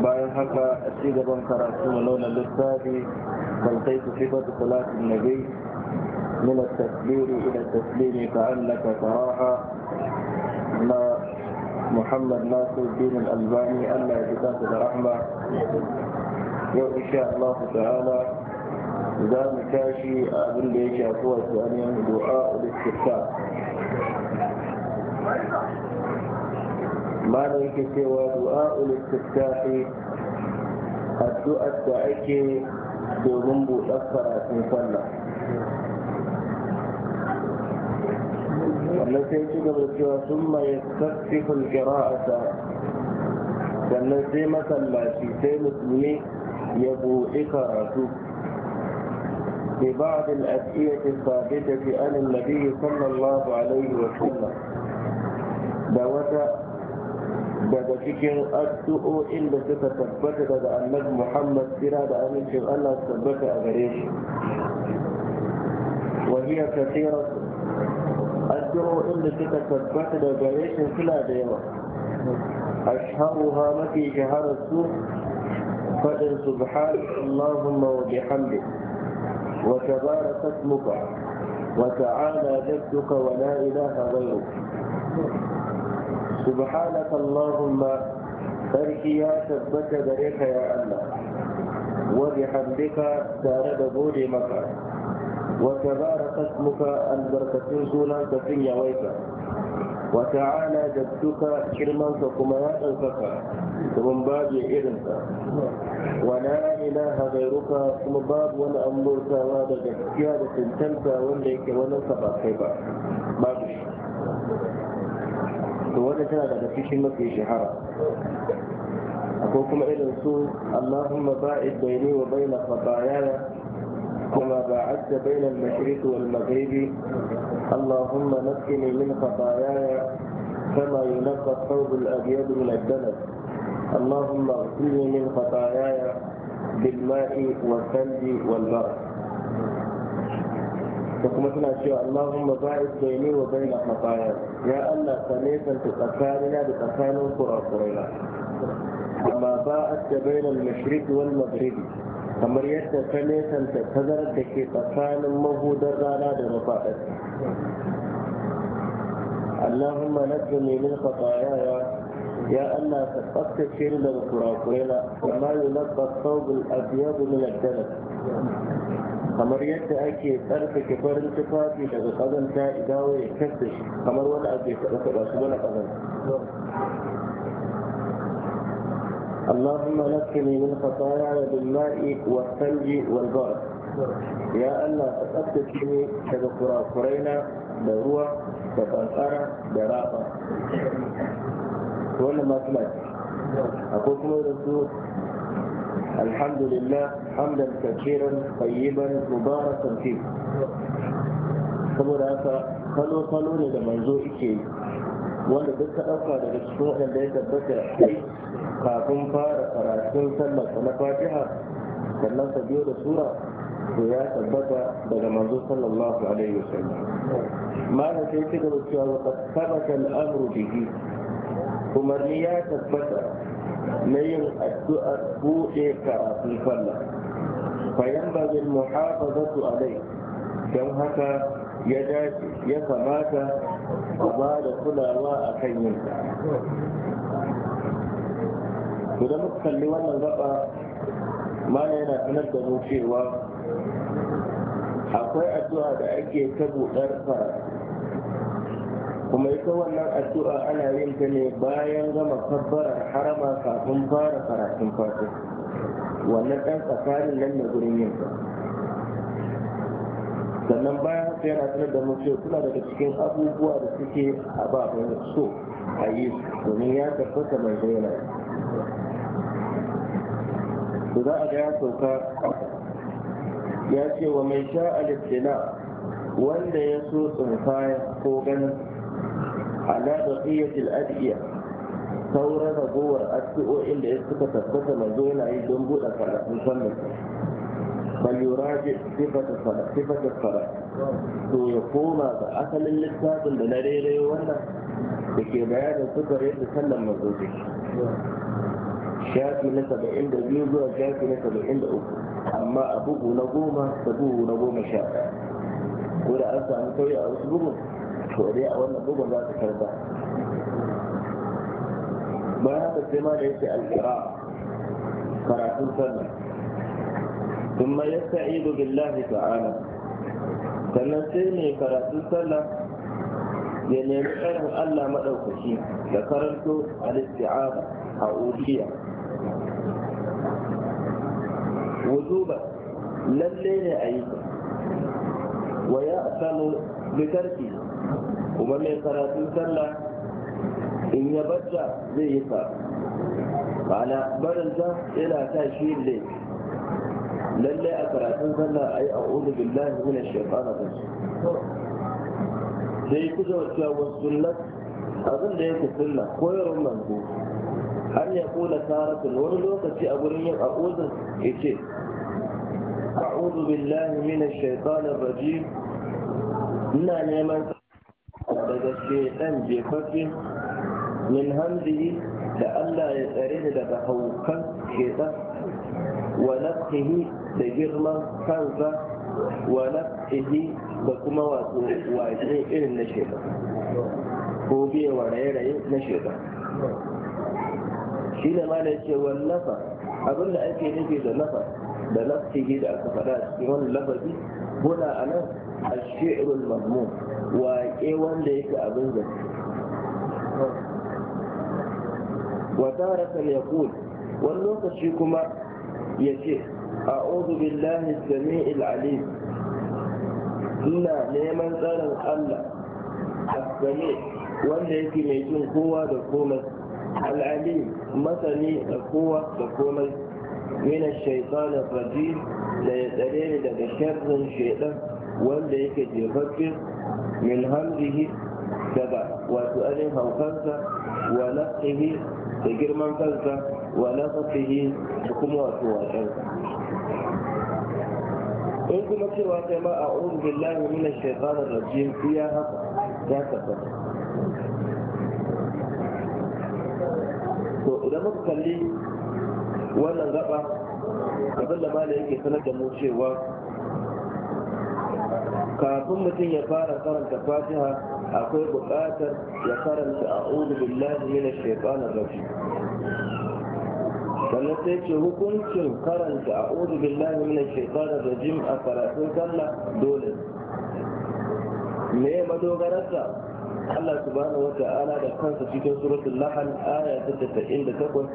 bayan haka a ci gaban karatu na nuna littafi kalkai su fi na bai nuna tasiri ila tasiri ka annaka faraha na muhammad nasu binin albani allah ya fita su da rahma yau insha allahu ta'ala ala za tashi a abin da ya shafi wasu anyan du'a da istifta ما ريك سوى دعاء الاستفتاح الدعاء الدعيك دوم بوشكرا في فلا والذي يجب الجوى ثم يستفتح القراءة والذي مثل ما في سيم اسمي يبوء كراته في بعض الأسئلة الثابتة عن النبي صلى الله عليه وسلم دوت daga cikin addu’o inda suka tabbata daga annabi muhammad kira da amincin allah tabbata a gare shi wahiyar kasirar addu’o inda suka tabbata daga gare shi suna da yawa ashharuha mafi shaharar su faɗin subhan allahumma wa bihamdi wa tabaraka ismuka wa ta'ala jadduka wa la ilaha سبحانك اللهم يا ثبت ذريك يا الله وبحمدك تارد بوجه مكة وتبارك اسمك البركة سولا تفني ويكا وتعالى جبتك كرما فكما يأنفك ثم باب إذنك ولا إله غيرك ثم باب ولا أمرك وهذا جدتك سنتمت ونلك ونصف الخبر ما بشك wannan tana daga cikin mafi shahara ko kuma irin su allahumma ba'id baini wa baina khatayaya كما باعدت بين المشرق والمغرب اللهم نقني من خطاياي كما ينقى الثوب الابيض من الدنس اللهم اغسلني من خطاياي بالماء والثلج والبرد da kuma suna cewa Allahumma ba'id baini wa baina khataaya ya Allah ka nesanta tsakanina da tsakanin kurakuraina amma ba'ad da baina al-mashriq wal maghrib kamar yadda ka ta tazarar da ke tsakanin mahudar rana da mafadar mafaɗar اللهم نجني من خطاياي يا الله تقصد من كراكرنا كما يلقى الثوب الابيض من الدنس kamar yadda ake tsarkake farin tufafi daga kazanta idawo ya shi kamar wani abu ya taɓa taɓa su wani kazanta اللهم نقني من خطاياي بالماء والثلج والبرد يا الله تقدسني daga kurakurena da ruwa da kankara da raba wannan ma akwai kuma da su الحمد لله حمدا كثيرا طيبا مباركا فيه saboda haka kalo-kalo ne da manzo ike wanda duk ka ɗauka daga cikin waɗanda ya tabbata kafin fara karatun sallar na fatiha sannan ka biyo da sura to ya tabbata daga manzo sallallahu alaihi wasallam mana sai ci gaba cewa wa qad sabata al-amru bihi umarni ya tabbata na yin addu'ar buɗe karatun sallah fayan bazin muhafazatu alai don haka ya dace ya kamata a ba da kulawa a kan yin to da muka kalli wannan gaba mana yana sanar da mu cewa akwai addu'a da ake ta buɗar karatu kuma ita wannan addu'a ana yin ta ne bayan gama kabbarar harama kafin fara karatun fatin wannan ɗan tsakanin nan na gurin yin ta sannan bayan haka yana tunar da mace suna daga cikin abubuwa da suke ababen so a yi domin ya tabbata mai zaina su za a ga sauka ya ce wa mai sha alittila wanda ya so tsinkaya ko ganin على بقية الأدئية ثورة جوة أتقو إن إستكا تثبت مزولة أي دنبو أفلق مصمت بل يراجع صفة الفرق صفة الفرق ويقوم بأخل اللقاب اللي نري لي ولا بكبار السكر يتسلم مزوجي شاكي لك بإن دبيزو شاكي لك بإن دبيزو أما أبوه نقوم تبوه نقوم شاكي ولا أسعى مكوية أو سبوه to dai a wannan bugun za ka karba bayan haka sai ma da yake alkira karatun sallah ثم يستعيذ بالله تعالى sannan sai mai karatun sallah ya nemi ƙarin Allah maɗaukaki da karanto al-isti'aba a ujiya ne a yi wa ya kuma mai karatun sallah in ya bacca zai yi fa. ma'ana barinta yana ta shi ne lalle a karatun sallah a yi a udu billahi mina shekara da su sai ku zama cewa wasu sunnat abin da yake sunna koyarwar manzo har ya kula saratun wani lokaci a gurin yin a'udun ya ce a'udu billahi mina shekara da ina neman daga shedan jefaffe min hamzihi da Allah ya tsare ni daga haukan shedan wa nafsihi da girman kansa wa nafsihi da kuma wato wajen irin na shedan ko biya wa raye-raye na shedan shi ne ma da ce wallafa abinda ake nufi da lafa da nafsihi da aka faɗa cikin wani lafazi Buna a nan a she'ar almahmo wa ke wanda ya abin da su a tarar saniya pool wani lokaci kuma ya ce a odubillahi sami al'adun nuna neman tsarin allah afgane wanda ya mai jin kowa da komai al'adun masani da kowa da komai wina shaiɗan da ba'zini da ya tsere ni daga herzl shaidan. wanda yake jefaffe min hamdihi daga wato anin haukansa wa nafsihi da girman kansa wa nafsihi da kuma wato wasansa in kuma cewa sai ma a uru billahi min ash-shaytan ar-rajim iya haka ya tabbata to idan muka kalli wannan gaba abin da malai yake sanar da mu cewa kafin mutum ya fara karanta fatiha akwai buƙatar ya karanta a'udhu billahi mina shaitanir rajim sannan sai ce hukuncin karanta a'udhu billahi mina shaitanir rajim a karatun sallah dole me madogararsa Allah subhanahu wata'ala da kansa cikin suratul lahal aya ta takwas,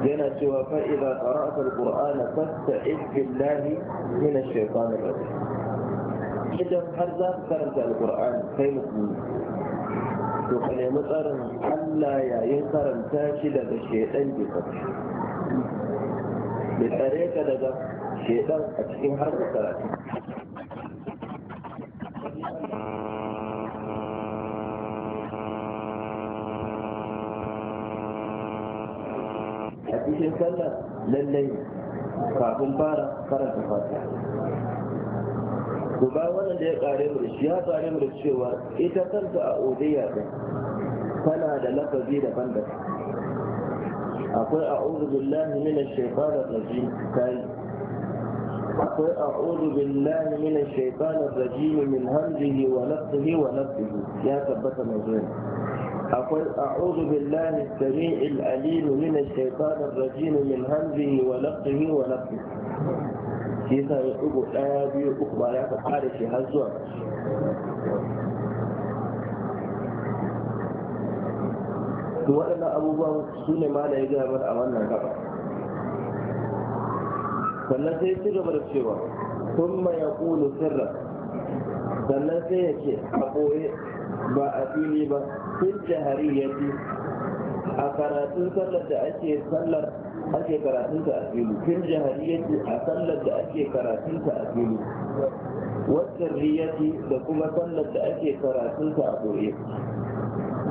yana cewa fa idza qara'ta al-qur'ana fasta'id billahi minash shaitanir rajim حجر حرزة فرزة القرآن خيمة من سوحني مطر حلا يا يسر تاشد بشيئين بصدر بالأريكة لدى شيطان أتشكين حرزة ثلاثة حديث الله للليل قابل بارا قرأت الفاتحة to bayan wannan da ya kare mu da shi ya kare mu da cewa ita kanta a odiyya ta. tana da lafazi da daban akwai a'udhu billahi minash shaitanir rajim kai akwai a'udhu billahi minash shaitanir rajim min hamzihi wa nafthihi wa nafthihi ya tabbata mai zuwa أقول أعوذ بالله السميع العليم من الشيطان الرجيم من همزه ونفسه ونفسه shi yasa ya ɗigo ɗaya biyu uku ba ya ka da shi har zuwa to waɗannan abubuwan su ne ma da ya gaya mana a wannan gaba sannan sai ci gaba da cewa sun ma ya ƙulu sirra sannan sai ya ce a ɓoye ba a fili ba sun jahari ya a karatun sallar da ake sallar ake karatun ta a fili fil jahariyati a sallar da ake karatun ta a fili waccan da kuma sallar da ake karatun ta a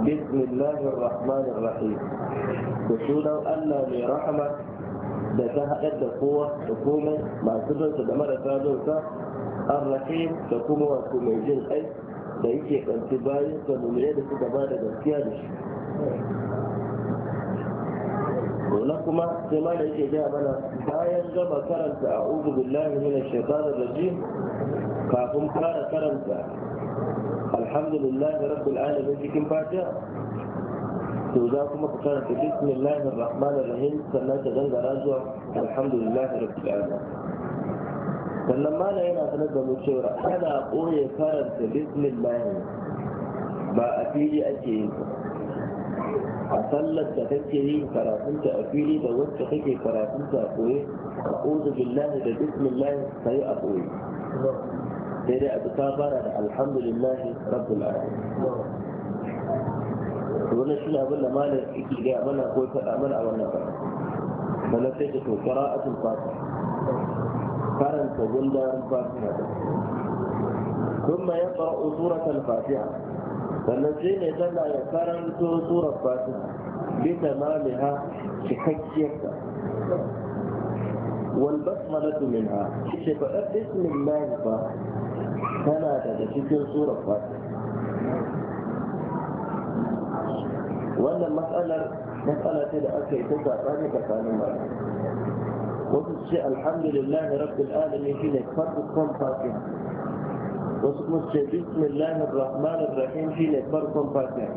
bismillahir rahmanir rahim da sunan Allah mai rahama da ta haɗar da kowa da komai masu zonsa da marasa zonsa ar-rahim da kuma wasu mai jin kai da yake bayan da suka ba gaskiya da wani kuma sai ma da yake gaya mana bayan gama karanta a ubu billahi min shaitanir rajim kafin fara karanta alhamdulillahi rabbil alamin cikin fatiha to za kuma ka karanta bismillahir rahmanir rahim sannan ka dangara zuwa alhamdulillahi rabbil alamin sannan mana yana sanar da mu cewa ana koye karanta bismillah ba a fili ake yin حصلت تفكري فراسمت أفيلي دوست فكري فراسمت أقوي أعوذ بالله بسم الله سي أقوي سيد أبو الحمد لله رب العالمين ولا شيء أقول له مالك إيش اللي عملنا قوي فأعمل على النفس فلا تجده قراءة القاتل قرن فجلد القاتل ثم يقرأ سورة الفاتحة فالذين إذا لا يقرن سورة فاتحة بتمامها في تحجيك والبصمة منها شفاء اسم الله فلا تتشكل سورة فاتحة وأن المسألة مسألة الأكل تتعطاني كفاني مرة وفي الحمد لله رب العالمين في نكفر الصوم فاتحة wasu kuma su ce bismillahir rahmanir rahim shine farkon fatiha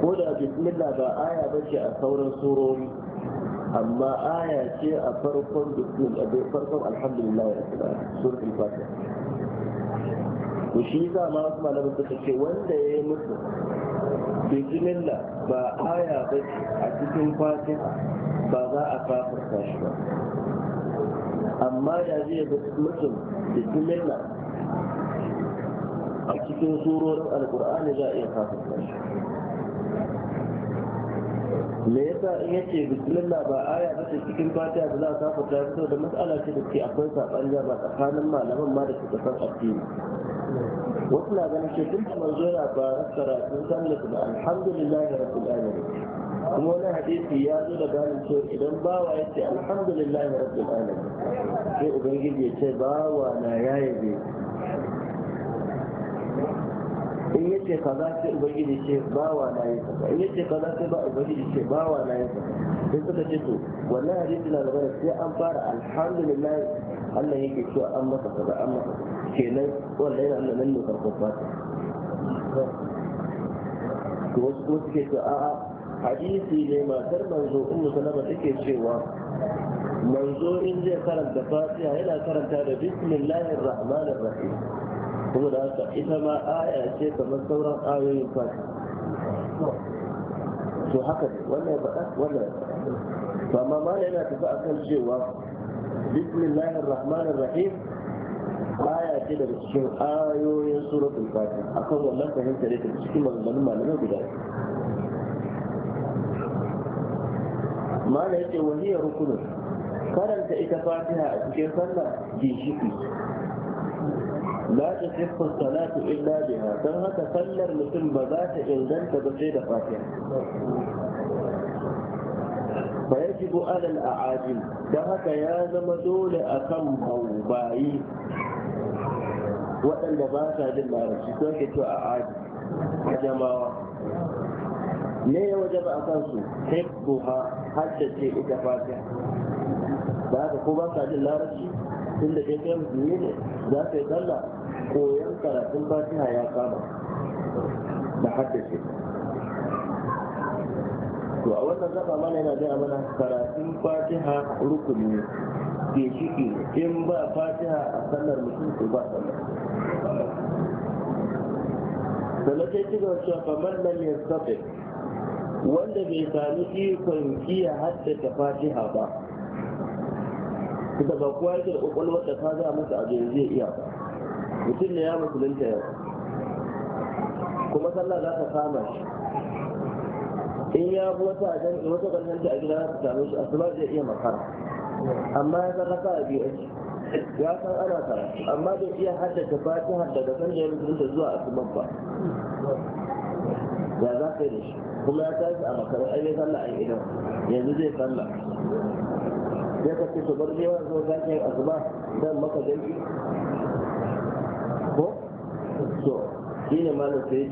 ko da bismillah ba aya ba ce a sauran surori amma aya ce a farkon bismillah bai farkon alhamdulillah wa rasulullah suratul fatiha to shi za ma wasu malamin suka ce wanda ya yi musu bismillah ba aya ba ce a cikin fatiha ba za a kafirta shi ba amma da zai mutum bismillah a cikin surorin alkur'ani za a iya kafirta me yasa in yake bismillah ba aya ba cikin fatiha da za a kafirta fito da matsala ce da ke akwai saɓani jama'a tsakanin malaman ma da suka san addini wasu na ganin ce tun da manzo yana ba sun san da alhamdulillahi rabbil alamin kuma wani hadisi ya zo da ganin ce idan bawa ya ce alhamdulillahi rabbil alamin sai ubangiji ya ce bawa na yaye in yace kaza sai ubangiji ce ba wa na yi kaza in yace kaza sai ba ubangiji ce ba wa na yi kaza sai suka ce to wannan hadisi na gaba sai an fara alhamdulillah Allah yake cewa an masa kaza an masa kenan wannan yana Allah nan ne farko fata to wasu kuma suke cewa a'a hadisi ne matar manzo ummu salama take cewa manzo in zai karanta fatiha yana karanta da bismillahir rahmanir rahim kuma da haka ita ma aya ce kamar sauran ayoyin fata to haka ne wannan ya faɗa wannan ya faɗa to amma mana yana tafi akan cewa bismillahir rahmanir rahim aya ce daga cikin ayoyin suratul fatiha akan wannan fahimta ne daga cikin maganganun malamai guda mana wani ya rukunin karanta ita fatiha a cikin sallah ginshiki la ta sifu salatu illa biha don haka sallar mutum ba za ta inganta ba sai da fatiha fa yajibu ala al-a'ajil don haka ya zama dole akan mawbayi waɗanda ba sa jin larabci ko ke to a'ajil jama'a ne ya wajaba a kansu hibbuha haddace ita fatiha da haka ko ba sa jin larabci tun da kai musulmi ne za ka yi sallah koyon karatun fatiha ya kama da haddace to a wannan gaba mana yana gaya mana karatun fatiha rukuni ke shiki in ba fatiha a sallar mutum ko ba sallar sannan sai ci gaba cewa kamar nan ya sabe wanda bai sami ikon kiya haddace fatiha ba da ba kowa yake da kwakwalwar da ta a musu a zai iya ba mutum ne ya musulunta yau kuma sallah za ta kama shi in ya bi wata a ajan wata ƙarshen a gida za ta samu shi a zai iya makara amma ya sarrafa a biyu ake ya san ana karatu amma bai iya haddace fatiha daga kan da ya musulunta zuwa asuban ba ya za ka yi da shi kuma ya tashi a makara ai bai sallah a idan yanzu zai sallah sai ka ce to bar ne zo za ka yi asuba dan maka danki shi ne ce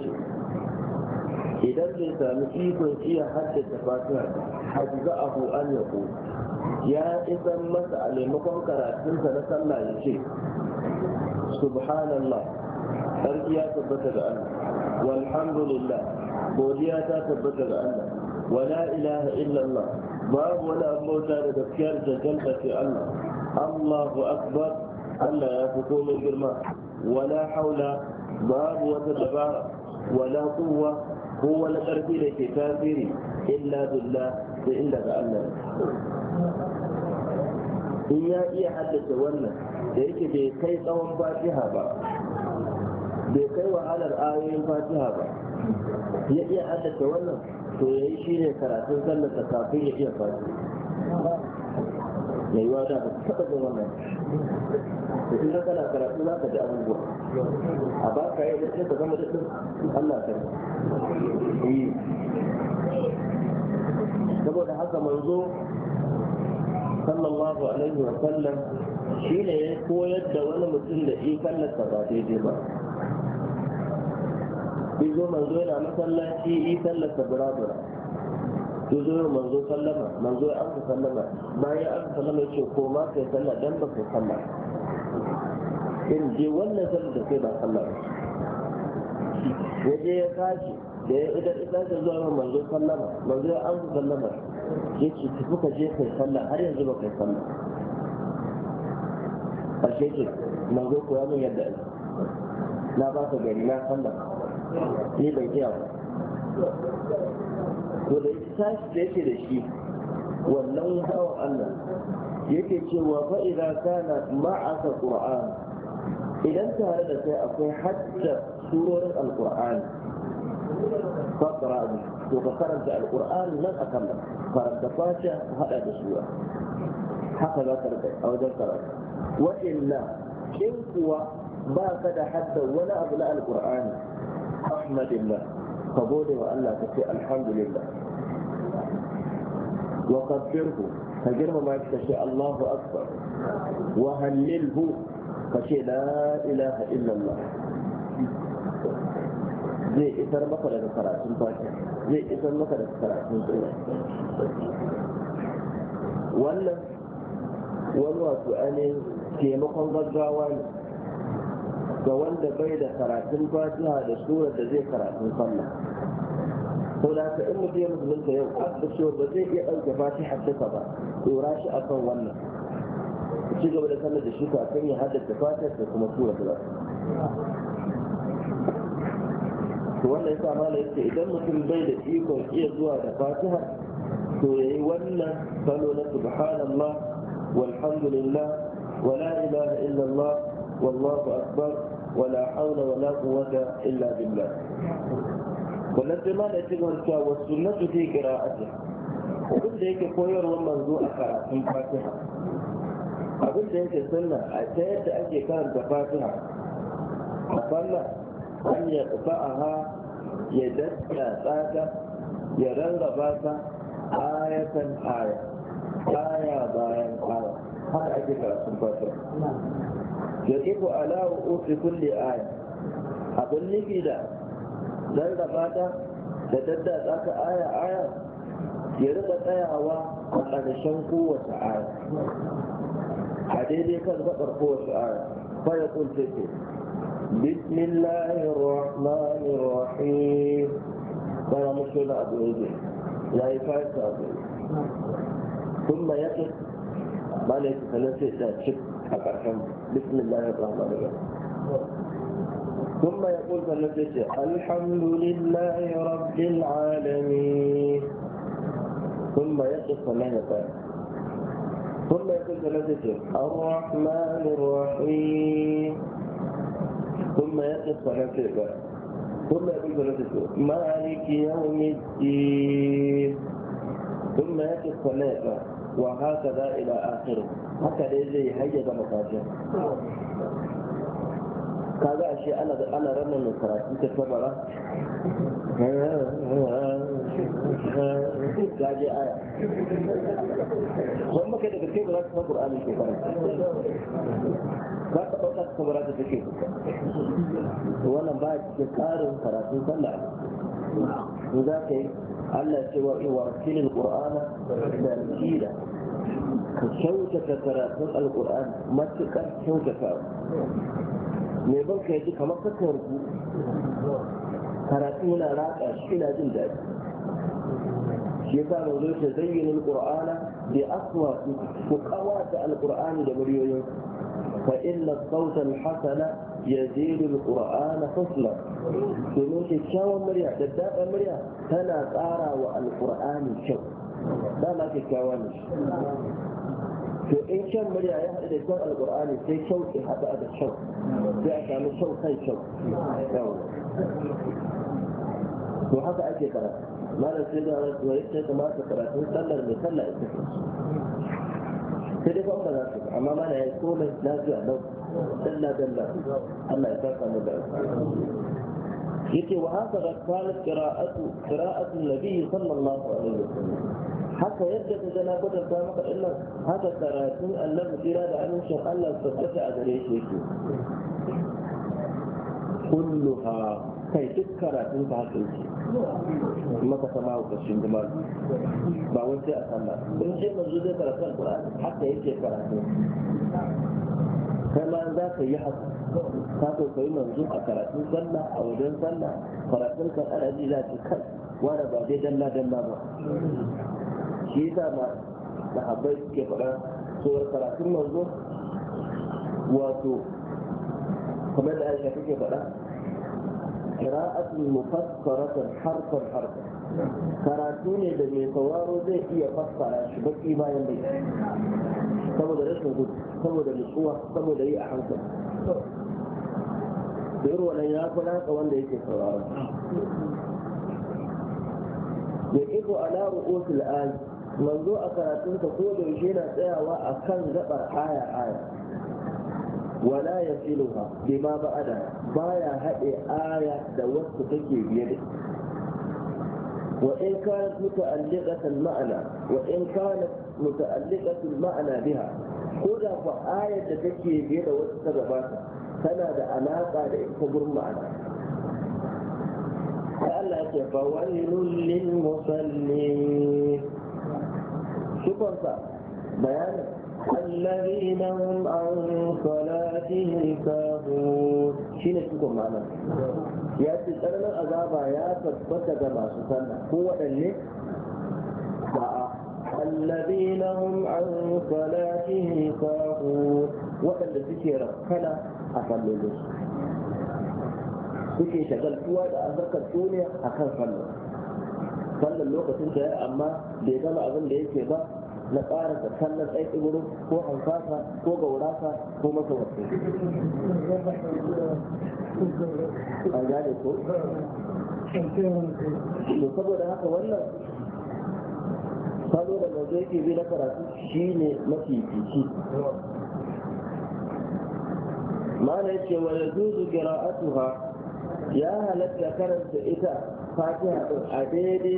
idan bai sami ikon iya haddace fatiha hadza a an ya ko ya isan masa a maimakon karatunsa na sallah ya ce subhanallah sarki ya tabbata ga Allah walhamdulillah godiya ta tabbata ga Allah wala ilaha illallah babu wani abota da gaskiyar jajjanta sai Allah Allahu akbar Allah ya fi komai girma wala haula babu wata dabara wala kuwa ko wani ƙarfi da ke tasiri illa billah da illa ga Allah in ya iya haddace wannan da yake bai kai tsawon fatiha ba bai kai wahalar ayoyin fatiha ba ya iya haddace wannan to ya yi shi ne karatun sallar da kafin ya iya fatiha mai yiwa da ba taɓa jin wannan da in kana karatu za ka ji abubuwa a ba ka yi da ka zama daɗin Allah ka yi eh. saboda haka manzo sallallahu alaihi wa sallam shi ne ya koyar da wani mutum da shi kallasta ba daidai ba zo manzo yana masallaci yi kallasta burabura ya zo yau manzo sallama manzo ya amsa sallama bayan ya amsa sallama ya ce ko ma kai sallah dan ba kai sallah in je wannan sallah da kai ba sallah ya je ya kashi da ya idan idan ka zuwa ma manzo sallama manzo ya amsa sallama ya ce tafi ka je kai sallah har yanzu ba kai sallah ƙarshe ce manzo ko ya min yadda na ba ka gari na sallah ni ban iya ba to da tashi da yake da shi wannan hawan Allah yake cewa fa idza kana ma'aka qur'an idan tare da kai akwai hadda surorin alqur'ani faqra to ka karanta alqur'ani nan akalla karanta fatiha hada da sura haka za ka rika a wajen karatu wa illa in kuwa ba ka da hadda wani abu na alqur'ani ahmadillah قبولي وألا تسيء الحمد لله وقدره فجره ما يكتشي الله أكبر وهلله فشيء لا إله إلا الله زي إثر مقر الفراء سنطاك زي إثر مقر الفراء سنطاك ولا ولا سؤالي في مقر الضجاوان فوالد بيد فراء سنطاك هذا سورة زي فراء سنطاك هناك ان في مسلم سيوقف بشور بزيد يقل جفاتي حتى صبا يراش اصلا ولا الشيء قبل ان تمد الشيء فاكني هذا الجفاتي في كمسورة الاصل وانا يسا ما ليس اذا مسلم بيد ايكم ايه زوا جفاتها سوري ولا فلو سبحان الله والحمد لله ولا اله الا الله والله اكبر ولا حول ولا قوه الا بالله wannan sai ma da ci gaba cewa wasu sunnatu fi qira'ati abin da yake koyarwar manzo a karatun fatiha abin da yake sunna a ta yadda ake karanta fatiha a falla an ya ha ya dadda tsada ya rarraba ta ayatan aya aya bayan aya haka ake karatun fatiha ya ku ala ru'usi kulli aya abin nufi da da ta da daddatsa ka aya aya ya rika tsayawa a ƙarshen kowace aya a daidai kan gaɓar kowace aya fara kulce ce بسم الله الرحمن الرحيم فلا مشكلة أبو إيدي لا يفعل أبو ثم يقف ما ليس فنسي تأشك بسم الله الرحمن الرحيم ثم يقول فالنفس الحمد لله رب العالمين ثم يقف ثلاثة ثم يقول ثلاثة الرحمن الرحيم ثم يقف ثلاثة ثم يقول ثلاثة مالك يوم الدين ثم يقف ثلاثة وهكذا إلى آخره هكذا يجي هيجة مقاتل ka ga ashe ana da ana ranar mai karatu ta tabara ga je aya don maka daga kai ba za ka san qur'ani ke karanta ba ka ɗauka ta tabara ta take wannan ba ke karin karatu sallah in za ka yi Allah ce wa iwartilil qur'ana tartila ka kyautata karatun alqur'ani matukar kyautatawa mai ban ka ji kamar kakan rubu karatu yana raƙa shi ina jin daɗi shi yasa mai zo ta zayyana alƙur'ana asuwa su ku da alƙur'ani da muryoyin fa inna sautan hasana يزيد القرآن فصلا domin kyakkyawan murya da daɗin murya tana tsara wa alƙur'ani kyau dama kyakkyawa ne to in shan murya ya haɗu da shan alƙur'ani sai kyau ya haɗu da kyau sai a sami kyau kai kyau to haka ake karatu malam sai da wani tuwa yadda ya kamata karatun sallar mai sallah ita ce sai dai kawai za su amma mana ya yi komai lafiya lau dalla dalla Allah ya saka mu da yake wa haka da kanat qira'atu qira'atu nabi sallallahu alaihi wasallam haka yadda ka gana kwatanta maka illar haka karatun Allah tsira da amincin Allah su tabbata a gare shi yake kulluha kai duk karatun ka haka yake maka sama hukashin zama ba wai sai a sama in ce manzo zai karatu alƙur'ani haka yake karatu kai ma za ka yi haka ka kwaikwayi manzo a karatun sallah a wajen sallah karatun kan ana ji za ka kai wani ba dai dalla dalla ba shi yasa ma sahabbai suke faɗa cewar karatun manzo wato kuma da aisha take faɗa qira'atul mufassaratun harfan harfan karatu ne da mai sauraro zai iya fassara shi baki bayan bai saboda rashin gudu saboda nutsuwa saboda yi a hankali da yi wannan ya fi naka wanda yake sauraro ya ƙifu ala ru'usul ayi manzo a karatun ka, ko da yake na tsayawa a kan gabar aya aya wala ya filuwa bi ma ba'ada ada ba ya haɗe aya da wasu take biye da wa in kana muta'alliqatan ma'ana wa in kana muta'alliqatan ma'ana biha ko da ku ayar da take biye da wasu ta gabata tana da alaka da ita gurin ma'ana sai Allah ya ce fa wa'ilul lil musallin sifarsa bayani allazina hum an salatihim sahun shine cikon ma'anar ya ce tsananin azaba ya tabbata ga masu sanna ko waɗanne a'a allazina hum an salatihim sahun waɗanda suke rakkala a sallolinsu suke shagaltuwa da azarkar duniya a kan sallolinsu sallar lokacin ta amma bai gama abin da yake ba na ƙara da sallar aiki ko hankasa ko gaurasa ko masawarci a gane ko to saboda haka wannan salo da mazo yake bi na karatu shi ne mafi fici ma na ce wa gira zuzu ya halatta karanta ita fatiha din a daidai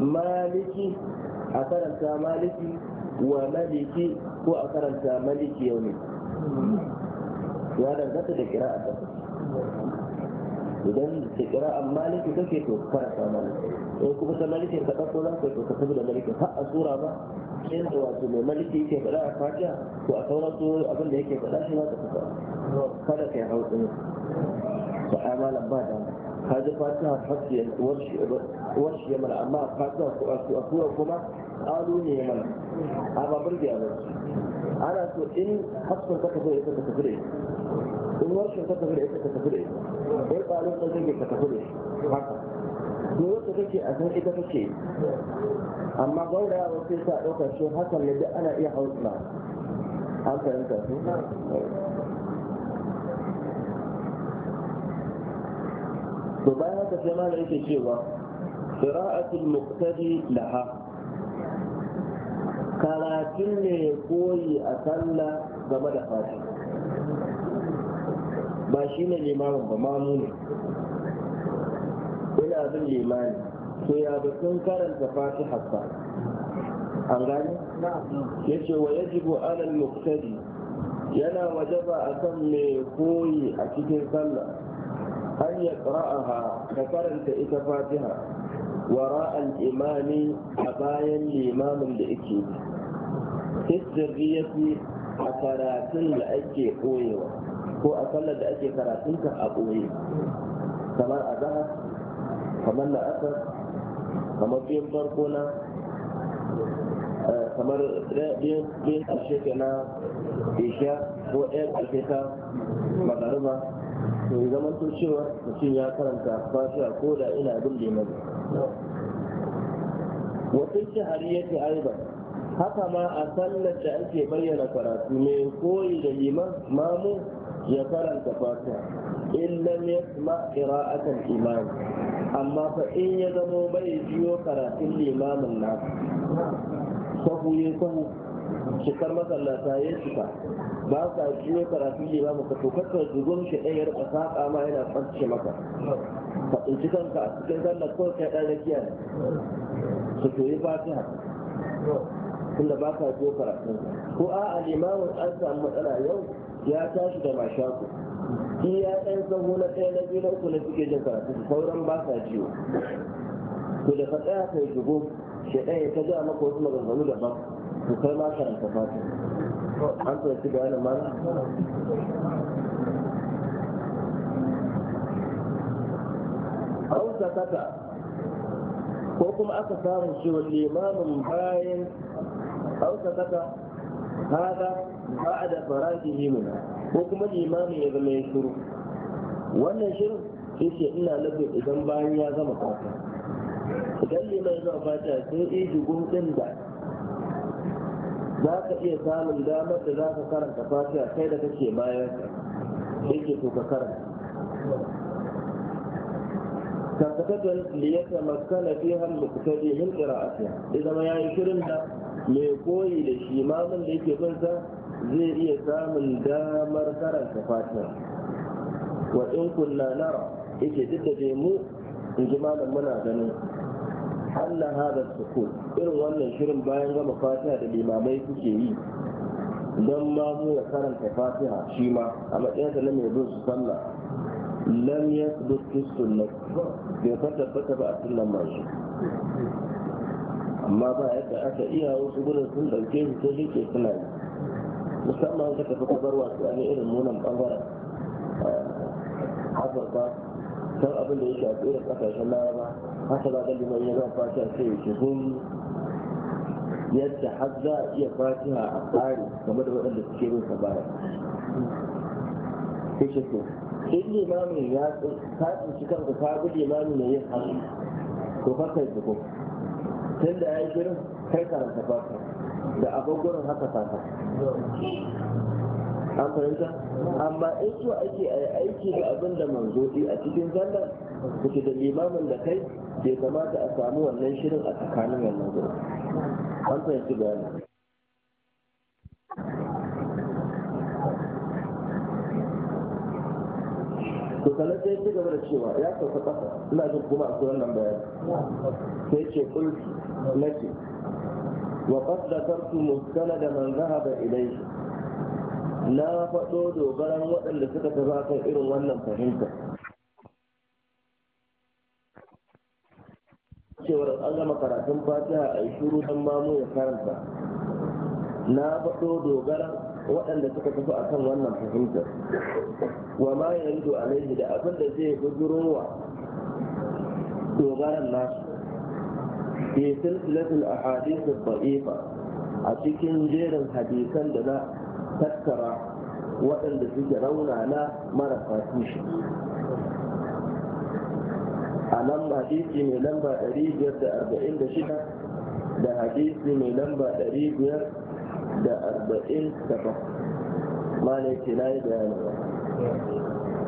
maliki a karanta maliki wa maliki ko a karanta maliki yau ne ya danganta da a ta idan kira a maliki kake to karanta maliki in kuma ta maliki ka ɗauko za ka to ka tafi da maliki har a sura ba sai da wato mai maliki yake faɗa a fatiha to a sauran su abin da yake faɗa shi ma ka fita kada ka yi hau فأما لم بعد هذا فاتها حتى ورش ورش يمن أما فاتها أكوها كما قالوا لي يمن أما برجع أنا سو إن حصل تكفر إيه تكفر إيه إن ورش تكفر إيه تكفر إيه إيه قالوا تكفر تكفر إيه هكذا نور تكفي a إذا تكفي أما قولها gauraya wasu sa ɗaukar shi hakan ne duk ana iya hausna hankalin to bayan haka sai mana yake cewa qira'atul muqtadi laha karatun ne koyi a sallah game da fati ba shi ne limamin ba mamu ne ina bin limani to ya batun karanta fati ba an Ya ce wa yajibu alal muqtadi yana wajaba akan mai koyi a cikin sallah an ya ƙara'aha ka karanta ita fatiha Wara imami a bayan limamin da ake hijjiriyati a karatun da ake koyewa ko a sallar da ake karatunta a ɓoye kamar a zahar kamar la'asar kamar farko na ƙarshe na isha ko ɗayan ƙarshe ta magariba to ya zama to cewa mutum ya karanta fatiha ko da ina abin da ya mazi wasu shahariyar ta aiba haka ma a sallar da ake bayyana karatu mai koyi da liman mamu ya karanta fatiha in lam yasma qira'atan imam amma fa in ya zamo bai jiyo karatun limamin nan. sahu ya sahu shekar masallata ya cika ba sa jiyo karatu ne ba maka tokakar dugon shi ɗaya rika saƙa ma yana tsarce maka faɗin tsinci kanka a cikin sallar kawai kai ɗan rakiya su koyi fatiha tunda ba sa jiyo karatu ko a limamin an samu matsala yau ya tashi da mashaku shi ya ɗan sahu na ɗaya na biyu na uku na suke jin karatu sauran ba sa jiyo to da ka tsaya kai dugo shi ɗaya ta ja maka wasu maganganu daban to kai ma karanta fatiha an da wannan mana auta kata ko kuma aka samu shi wa limamin bayan auta kata hada ba da farajihi muna ko kuma limamin ya zama ya shiru wannan shirin yace ina nufin idan bayan ya zama fata idan liman ya zama fata sai iji gudun da za ka iya samun damar da za ka karanta fatiha kai da kake bayan yake to ka karanta karkatattar liyata makana fi har mukutari min ƙira'atiya ya zama ya yi shirin da mai koyi da shi mamun da yake bin sa zai iya samun damar karanta fatiha wa in kunna nara yake duk da mu in ji malam muna ganin halla hada sukun irin wannan shirin bayan gama fatiha da limamai suke yi don ma mu ya karanta fatiha shi ma a matsayin sa na mai bin su sallah lam yasbut fi sunnah bai fatabata ba a sunnan manzo amma ba yadda aka iya wasu gudun sun dauke shi ko shi ke suna yi musamman ka tafi kabarwa su an irin munan bangaren eh, hafar ba kan abin da ya shafi irin kasashen laraba haka ba galiba ya zan fata sai ya ce hun yadda har za a iya fatiha a tsari game da waɗanda suke yin sa baya sai ce to sai limamin ya tsatsi shi kanka ka ne limamin ne yin hannu ko fa kai ko tun da ya yi shirin kai karanta fata da abubuwan haka fata an fahimta amma in so ake a aiki da abin da manzo a cikin sallar kuke da limamin da kai bai kamata a samu wannan shirin a tsakanin wannan gurin an fahimci bayani to kana sai ci gaba da cewa ya sauka kasa ina jin kuma a kuran nan bayani sai ce kul nake wa qad dhakartu da man dhahaba ilayhi na faɗo dogaran waɗanda suka tafi kan irin wannan fahimta cewar an gama karatun fatiha a yi shuru don mamu ya karanta na faɗo dogaran waɗanda suka tafi kan wannan fahimtar wa ma ya rido laifi da abin da zai gudurowa dogaran nasu fi silsilatul ahadith ad-da'ifa a cikin jerin hadisan da na tattara waɗanda suke raunana marasa tushe a nan hadisi mai lamba 546 da hadisi mai lamba 547 ma ne ke na yi bayani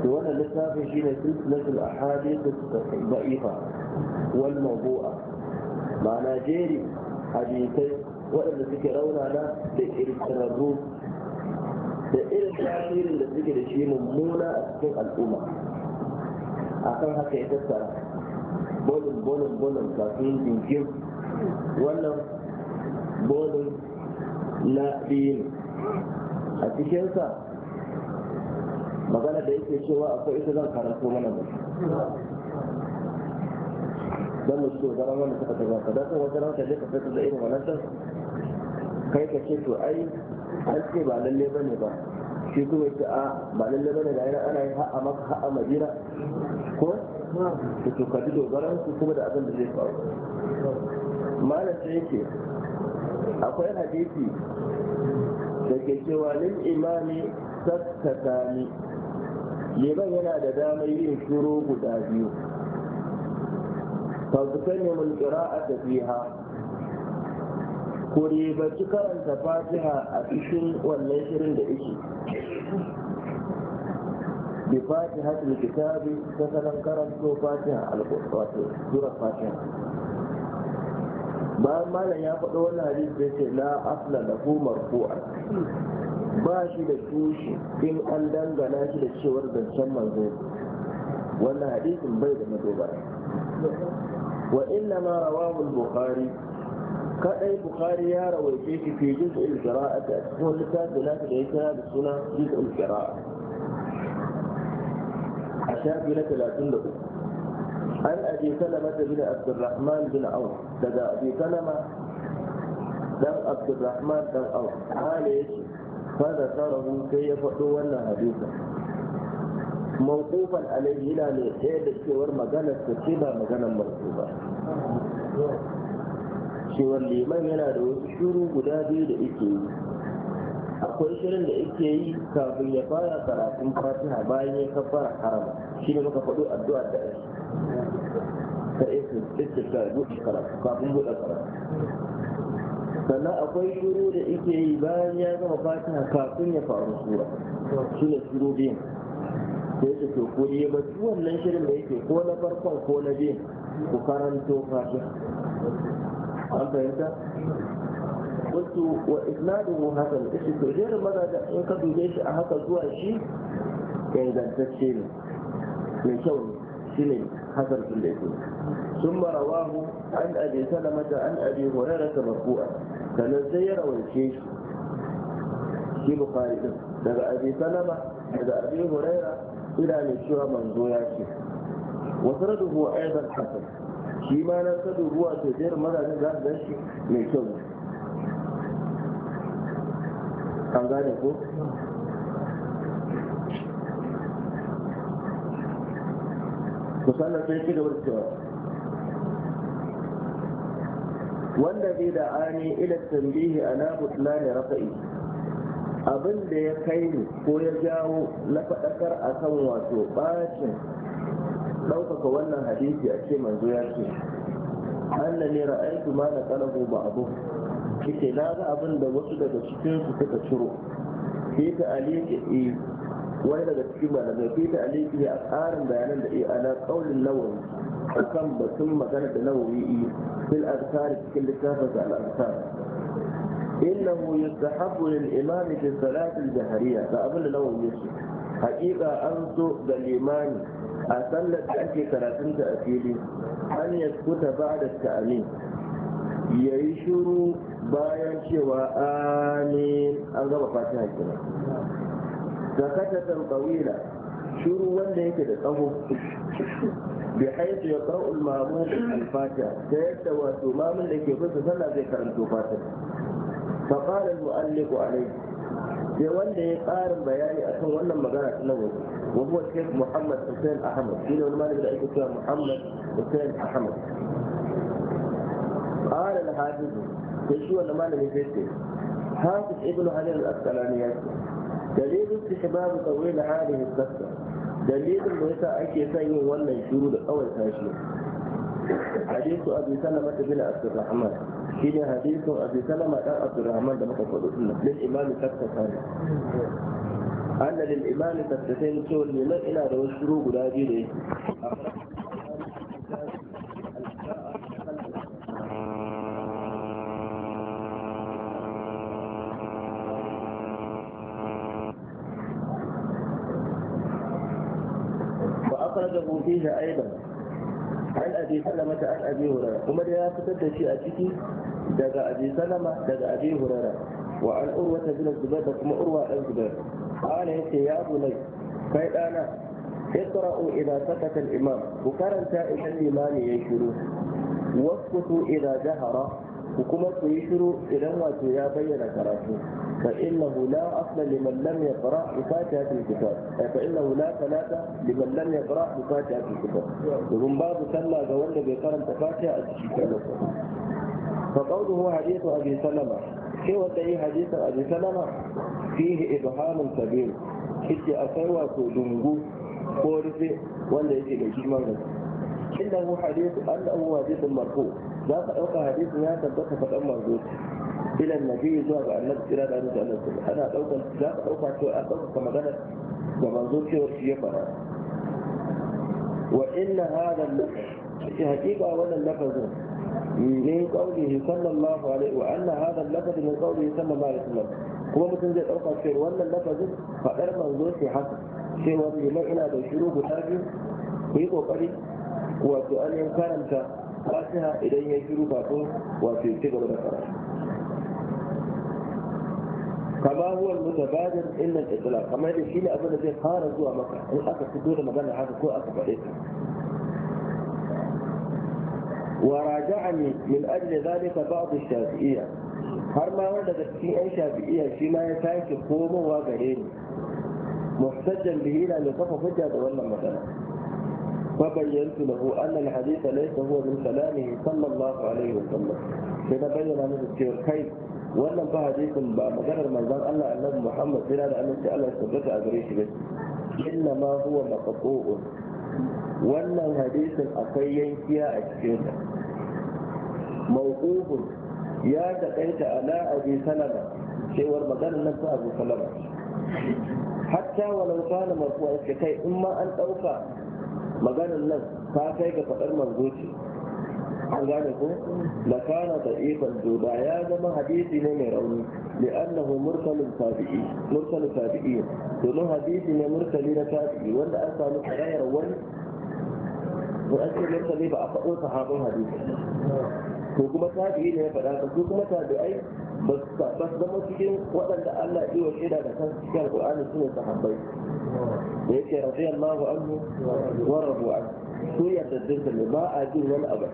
to wannan littafin shi ne silsilatul ahadith da'ifa wal mawdu'a ma'ana jeri hadisai waɗanda suke raunana da kirkirarru da irin tasirin da suke da shi mummuna a cikin al'umma a kan haka ya tattara bolin bolin bolin kafin jinkin wannan bolin na biyun, a cikinsa magana da yake cewa akwai ita zan karanto mana ba don mu so zama wanda suka tabbata don kuma wata ranka da ka fita da irin wannan kai ka ce to ai an ce ba lalle ba ne ba shi kuma yake a ah, ba lalle ba ne ga yana ana yi ha'a maka ha'a madina ko da tokaci dogaran su kuma da abin da zai faru malam sai yake akwai hadisi da ke cewa lil imani sattatani liban yana da damar yin shuru guda biyu fa tukannimu al-qira'ata fiha ku ribaci karanta fatiha a cikin wannan shirin da ike bi fatiha ta kitabi ta sanan karanto fatiha wato sura fatiha bayan malam ya faɗo wannan hadisi da ce la da lahu marfu'a ba shi da tushe in an dangana shi da cewar zancen manzo wannan hadisin bai da madogara wa inna ma rawahu al-bukhari كأي بخاري روي فيه في جزء القراءة أسفه لكاد لكن ليس بسنة جزء القراءة عشان لك لا تنبه عن أبي سلمة بن عبد الرحمن بن عوف لدى أبي سلمة بن عبد الرحمن بن عوف عالش فذكره كيف تولى حديثا موقوفا عليه لا لحيد الشور مجالة كتبة مجالة موقوفة cewar liman yana da wasu shuru guda biyu da ike yi akwai shirin da ike yi kafin ya fara karatun fatiha bayan ya kafara harama shi ne muka faɗo addu'a da ake ta isa tattata buɗe karatu kafin buɗe karatu sannan akwai shuru da ike yi bayan ya gama fatiha kafin ya faru sura shi ne shuru biyun sai su to ko ya batu wannan shirin da yake ko na farkon ko na biyun ku karanto fatiha an fahimta wasu wa isnaduhu hasan ishi to jerin mazaja in ka dube shi a haka zuwa shi ingantacce ne mai kyau ne shi ne hasan sun da yake sun marawahu an abi salamata an abi horarata marfu'a sannan sai ya rawance shi shi bukari din daga abi salama daga abi horaira ina ne cewa manzo ya ce wasu radu huwa aizan hasan shi ma na sadu ruwa to jiyar mazajen za su shi mai kyau an gane ko musallar sai ci gaba da cewa wanda zai da ani ila tambihi ala butlani rafa'i abin da ya kai ni ko ya jawo na faɗakar akan wato bacin ɗaukaka wannan hadisi a ce manzo ya ce Allah ne ra'aitu ma na kalahu ba abu yake na ga abin da wasu daga cikin su suka ciro sai ta aliki e wai daga cikin malamai sai ta aliki ne a tsarin bayanan da e ala kaulin nawawi akan batun magana da nawawi e fil azkar cikin littafin al azkar إنه يستحب للإمام في الصلاة الجهرية فأبن لو an حقيقة أنت limani a sallar da ake karatun ta a fili an ya kuta ba da ta'amin ya yi shuru bayan cewa amin an gaba fatiha kenan zakatatan ƙawila shuru wanda yake da tsawo bi haifu ya al-ma'mum alfata ta yadda wato mamun da ke kusa sallah zai karanto fatiha fa qala ku a sai wanda ya ƙarin bayani a kan wannan magana ta na wani wabu wa shek muhammad hussein ahmad shi ne wani malami da ake cewa muhammad hussein ahmad da hajjizu sai shi wanda malami zai ce hafiz ibn halil al-asqalani ya ce dalilin istihbab da hadhihi ya qasa dalilin da yasa ake son yin wannan shiru da kawai tashi حديث أبي سلمة بن عبد الرحمن شين حديث أبي سلمة بن عبد الرحمن ده مكتوب للإمام كفتان أن للإمام كفتين تقول من إلى رسول غدا جيده وأخرجه فيه أيضا an abi salama ta an abi hurara kuma da ya fitar da shi a ciki daga abi salama daga abi hurara wa an urwa ta bin zubair da kuma urwa dan zubair qala yace ya bunai kai dana iqra'u idza sakata al-imam ku karanta idan limami ya shiru waskutu idza jahara ku kuma ku yi shiru idan wato ya bayyana karatu فإنه لا أصل لمن لم يقرأ بفاتحة الكتاب فإنه لا صلاة لمن لم يقرأ بفاتحة الكتاب ومن باب سلى جوانا بقرن تفاتحة الكتاب فقوله حديث أبي سلمة سوى أي حديث أبي سلمة فيه إبهام كبير إذ أسوى كدنجو قرفي ولا يجي لجمال إنه حديث أنه حديث مرفوع ذاك أوقع حديث يا تبقى فقد مرفوع ila nabi zuwa ga annabi kira da annabi Allah ana daukar za ka dauka cewa an dauka magana ga manzo cewa shi ya fara wa hakika wannan lafazin min qawlihi sallallahu alaihi wa anna hadha kuma mutum zai ɗauka cewa wannan lafazin fadar manzo ce haka wani liman ina da shiru guda biyu ku yi wato an karanta fatiha idan ya shiru kafin wato ya ci gaba da karatu كما هو المتبادل الا الاطلاق كما هذه الشيء لابو الذي خارج هو مكه الاخر في الدور مدام هذا كو اخر بعيد وراجعني من اجل ذلك بعض الشافعيه هل ما وجدت في اي شافعيه فيما يتعلق قوم وغيرهم محتجا به الى ان يصفه فجاه ولا مثلا فبينت له ان الحديث ليس هو من كلامه صلى الله عليه وسلم فتبين له كيف wannan fa hadisin ba maganar manzon Allah annabi Muhammad sai da annabi Allah ya tabbata a gare shi inna ma huwa wannan hadisin akwai yankiya a cikin sa mawqufun ya takaita ala abi salama cewar maganar nan ta abu salama hatta walau kana marfu'a kai in ma an dauka maganar nan ta kai ga fadar manzo ce لكان ضعيفا جوبا يا زما حديث نمر لأنه مرسل تابعي مرسل تابعي كله حديثي نمر كليل تابعي ولا أسأل حرير ول مؤثر مرسل بعفو صحاب الحديث حكومة تابعي لا فلا حكومة تابعي بس بس دم سكين وأنا لا أعلم إيه كذا لكن سكين القرآن سنة صحابي ليك رضي الله عنه ورضوا عنه سوية الدرس اللي ما أجي من أبعد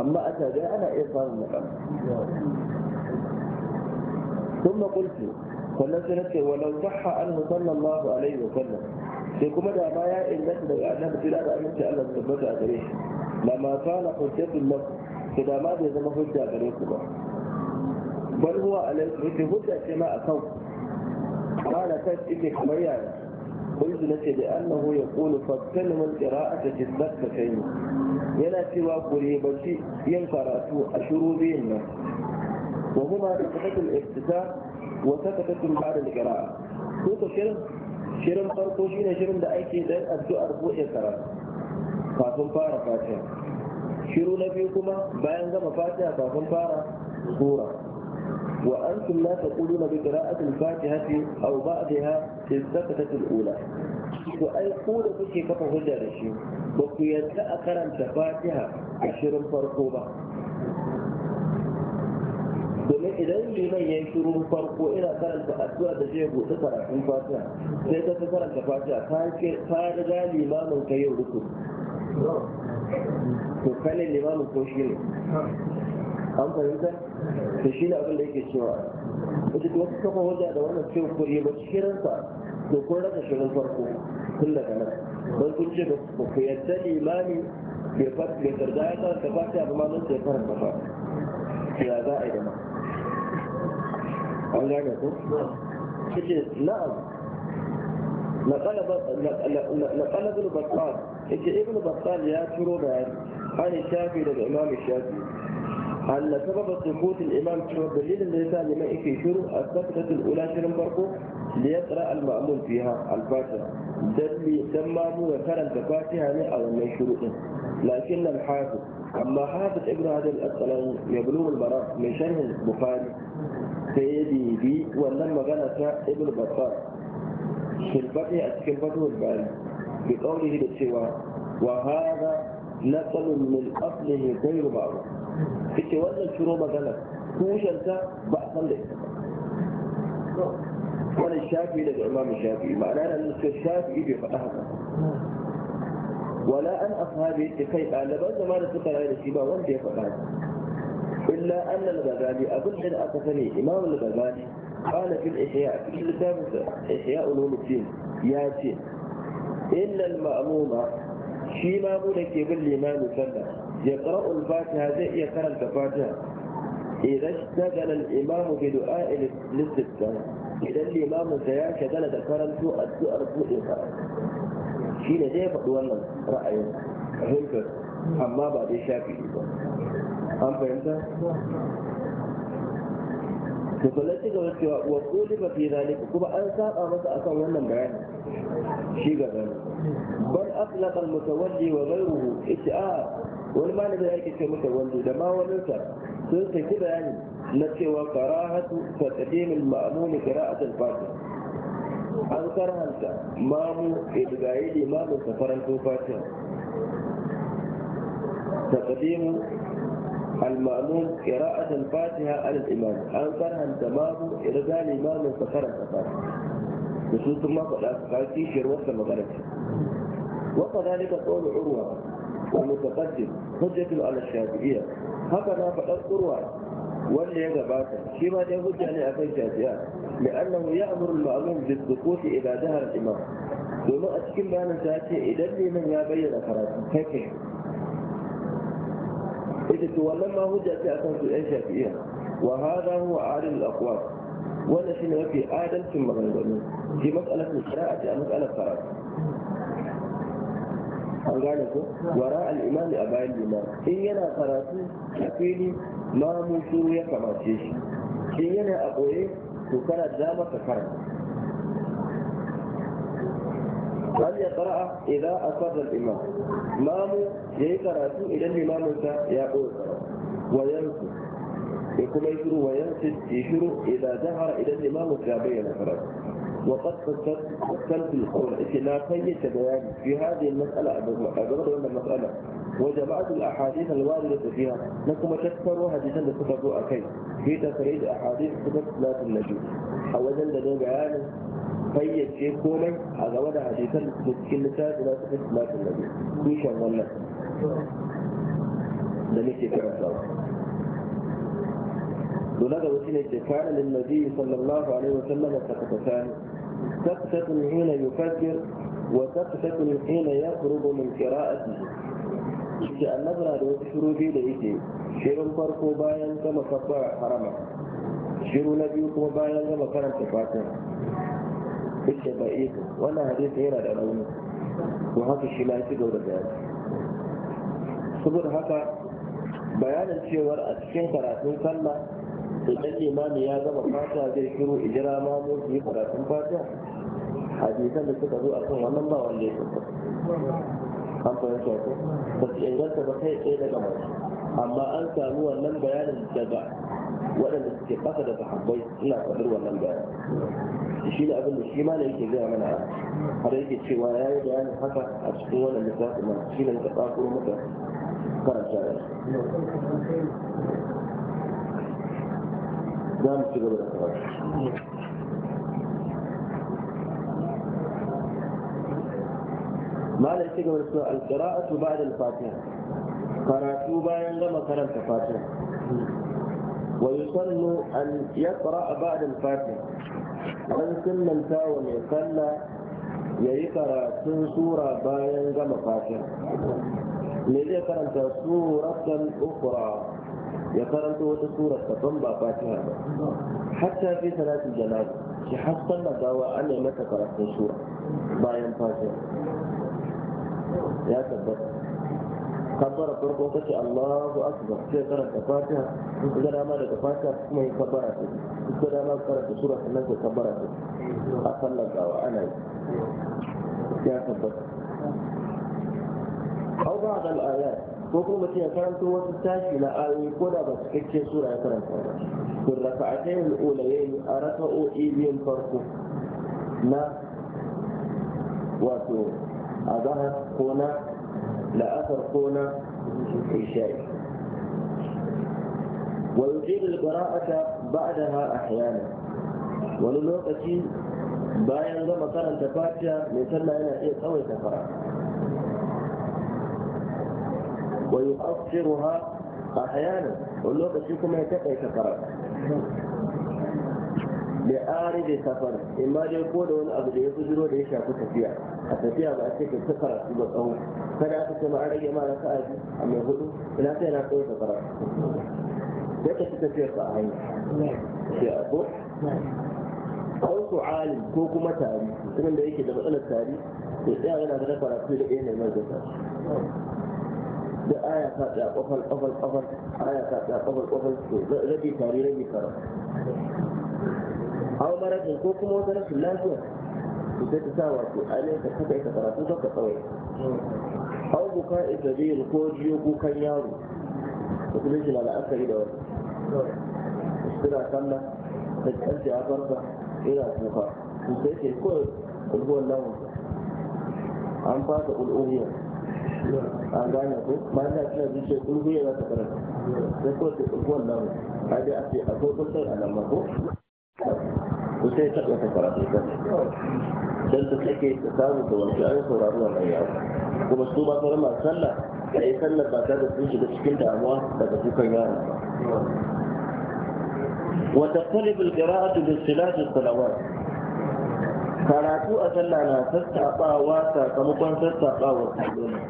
amma a tabi ana iya samun matsala ثم قلت sannan sai nace walau sahha anhu sallallahu alaihi wa sallam sai kuma da ma ya inganta daga annabi jira da aminci Allah ya tabbata a gare shi la ma kana hujjatul lak sai da ma bai zama hujja a gare ku ba bal huwa su yake hujja ce ma a kan kana kai yake kamar yaya قلت لك بأنه يقول فاغتنم القراءة ta الذكرتين yana cewa ku ribaci yin karatu a shuru biyun nan wa huma da sakatul iftita wa sakatul ba'da al-qira'a ko ko shirin shirin farko shine shirin da ake dan addu'ar buɗe karatu kafin fara fatiha shiru na biyu kuma bayan gama fatiha kafin fara sura wa antum la taquluna bi qira'ati al-fatihati aw ba'daha fi as-sakatati al-ula to ai ku kuke kafa hujja da shi ba ku yadda a karanta fatiha a shirin farko ba domin idan liman ya yi shiru farko ina karanta addu'a da zai buɗe karatun fatiha sai ka karanta fatiha ka riga limamin ka yau rukun to kane limamin ko shi ne an fahimta to shi ne abin da yake cewa ita wasu kafa wajen da wannan cewa kuri ba cikin ransa to kun rasa shirin farko tun daga nan don kun ce ba ku yadda limami bai farda ya karanta fatiha ba ma don sai karanta fatiha ya za a yi da ma an gane ku kace na'am na kalabin basal yake ibn basal ya turo da hannun shafi daga imam shafi أن سبب سقوط الإمام شعب دليل ليس لما إكي شروع السبتة الأولى شرم بركو ليقرأ المأمور فيها الفاتحة دل يسمى وكرم الفاتحة أو المشروط لكن الحافظ أما حافظ ابن هذا الأسئلة يبلغ المرأة من شرح البخاري سيدي بي ولما غنى ابن بطار في الفتح أتكلم فتح الباري بقوله بالسوى وهذا نقل من أصله غير معروف في wannan shiro magana kushanta ba a san da ita ba قول الشافعي لدى الإمام الشافعي معناه أن الشافعي بيفقهها ولا أن أصحابي كيف قال بل ما نتقى على الشيبة وانت بيفقهها إلا أن الغزالي أبو الحين أتفني إمام الغزالي قال في الإحياء في الكتاب إحياء علوم الدين ياتي إن المأموم شي ما mu يقول لي ما نسلم يقرأ الفاتحة زي يقرأ الفاتحة إذا اشتغل الإمام في idan shagala idan limamin da ya shagala da karanto addu'ar buɗe ka shi ne zai faɗi wannan ra'ayin fahimtar amma ba dai shafi ba an fahimta to kula ci gaba cewa wa kuli ba fi zalika kuma an saba masa akan wannan bayani shi gaba ne bal aslaqa al mutawalli wa ghayruhu ita wani malami yake ce mutawalli da ma wani ta sai saki bayani نتوى كراهة فتقديم المأمون قراءة الفاتحة an karanta مامو idgayi الإمام سفر الفاتحة تقديم المأمون قراءة الفاتحة على الإمام أنت مامو إرجاء الإمام سفر الفاتحة نصوص ما قد أفقاتي شروط المغرب وكذلك قول عروة المتقدم حجة على الشافعية هكذا فقد عروة wanda ya gabata shi ma dai hujja ne akan shafiya. mai Annan ya amuru ma'amun da bi dhukuti ila jihar imam domin a cikin bayanin ta ce idan neman ya bayyana karatu kake ita to wannan ma hujja ce akan su yan shafiya wa hadha huwa adil al-aqwal wannan shine mafi adalcin maganganu shi mas'alar shari'a ce a matsalar karatu an gane ko wara al-imam a bayan liman in yana karatu a fili maramin turu ya kamace shi shin yana a ɓoye to kana da maka kar an ya tsara idan a kwasar imam mamu ya yi karatu idan limamin ta ya ɓoye wayansu ya kuma yi shuru wayansu ya shuru idan jahara idan limamin ta bayyana karatu وقد فصلت القول خلافية في هذه المسألة أجرد وأن المسألة وجمعت الأحاديث الواردة فيها لكم تكثروا حديثا لتفضوا أكيد في تفريد أحاديث صفة صلاة النبي أولا لدو بيان فيت شيء كومي هذا ولا حديثا لتكلتا إلى صفة صلاة النبي إن شاء الله ده نفسي كما لولا ده وسيلة كان للنبي صلى الله عليه وسلم سكتتان تسكت حين يفكر وتسكت حين يخرج من قراءته ki annabi na da wasu shirobi da yake shirin farko bayan gama kafara harama shiru na biyu kuma bayan gama karanta fatin ita ba ita wannan hadisi yana da rauni to haka shi ma shi gaba da bayani saboda haka bayanin cewar a cikin karatun kalla. idan limami ya gama fata zai kiro ijira ma mu su yi karatun fata hadisan da suka zo a kan wannan ba wanda ya tabbata an fahimta ko ba su inganta ba kai tsaye daga mace amma an samu wannan bayanin daga waɗanda suke ƙasa da sahabbai suna faɗar wannan bayanin shi ne abin da shi ma ne yake gaya mana har yake cewa ya yi bayanin haka a cikin wannan littafin shi ne muka tsakuro muka karanta da قام كده بالاخراج ما لا يتجب القراءة بعد الفاتحة قرأتوا باين لما قرأت الفاتحة ويصل أن يقرأ بعد الفاتحة أن من تاون يصلى يقرأ سورة باين لما فاتحة لذي قرأت سورة أخرى ya karanto wata surar daban ba fatiha ba hatta fi salatul janaza shi har sallar gawa an yi mata karatun sura bayan fatiha ya tabbata kabbara farko kace Allahu akbar sai karanta fatiha in ka dama daga fatiha kuma yi kabbara ta in ka dama karanta sura sannan ka kabbara ta a sallar gawa ana yi ya tabbata أو بعض الآيات ko kuma mutum ya karanto wasu tashi na ayoyi ko da ba cikakken sura ya karanta ba kun raka a ta yin ulayen a farko na wato ko na la'asar ko na isha'i wa yujidu al-qira'ata ba'daha ahyana wani lokaci bayan gama karanta fatiya mai sallah yana iya tsawaita fara ويؤخرها احيانا ولو تشيكم هي تقي سفر لآرد سفر إما دي يقول وانا أبدا يفجروا دي شاكو تفيا التفيا بأسيك السفر يبقى أهو فلا أتسمع علي ما لا سأجي أما يقولوا إلا فينا قوي سفرا ليك تتفيا فأهين يا أبو أو سعال كوكو متاري إذن ده يكي ده مسألة تاري يتعلم أن هذا فرق في الإيه من المجلسات da aya ta tsaya kofar kofar kofar aya ta tsaya kofar kofar rabi tari rabi karo hau marakin ko kuma wata rashin lafiya su ta ta sa wato ainihin ka kaɗa ka karatu ka ka tsawai hau buka ikabir ko jiyo kukan yaro da kuma shi na la'akari da wani suna sallah da kanta a farka ina kuka su sai ke kawai kulhuwan lamun an fata ul'uhiyar A gane ko bayan da kira zuciya kulhu ya za ta karanta sai ko sai kulhu wannan a dai a ce akwai kulhu a nan ko ko sai ta ɗauka karatu ta don ta sake ta samu da wani an saurari wannan yawo kuma su ba sauran masu sallah a yi sallah ba tare da sun shiga cikin damuwa daga dukan yaron وتقترب القراءة بالصلاة الصلوات karatu a sallah na sassaɓawa sakamakon sassaɓawa salloli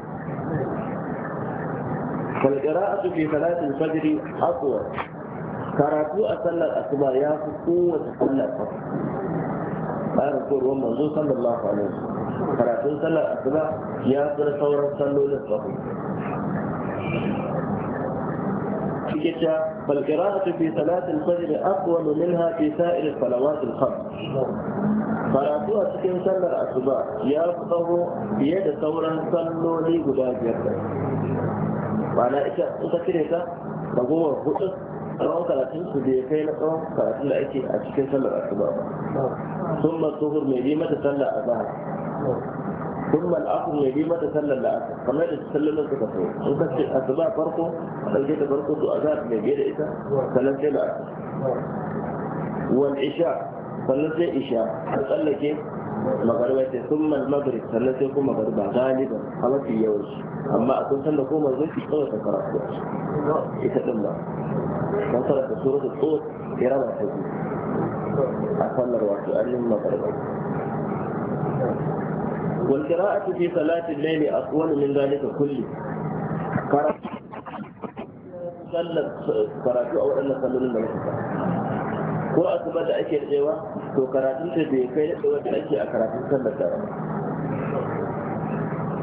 فالقراءة في صلاة الفجر أطول كراكو أصلى الأصبع يا قوة صلى الفجر أنا أقول هو منظور صلى الله عليه وسلم كراكو صلى الأصبع يا قوة صورة صلى الفجر فالقراءة في صلاة الفجر أطول منها في سائر الصلوات الخمس فراتو أتكين صلى الأصبع يا قوة يد صورة صلى لي ma'ana ita in ka cire ta ragowar hudu tsawon karatun su da ya kai na tsawon karatun da ake a cikin sallar asuba ba sun ma tsohur mai bi mata sallar azahar sun ma al'asur mai bi mata sallar la'asar kamar da sallar suka so in ka ce asuba farko a ɗauke da farko to azahar mai bi da ita sallar sai la'asar wal isha sannan sai isha an tsallake magarba ce sun mal magrib sannan sai kuma magarba galiban a mafi yawanci amma a kun sanda ko zai shi kawai karatu ita din ba ta karatu suratul qur ta biyu a sallar wato annin magarba والقراءة في صلاة الليل أطول من ذلك كله قرأت صلى قرأت أو أن صلى الله عليه ko kuma da ake daɗewa to karatun ta bai kai daɗewar wanda ake a karatun sallar da rana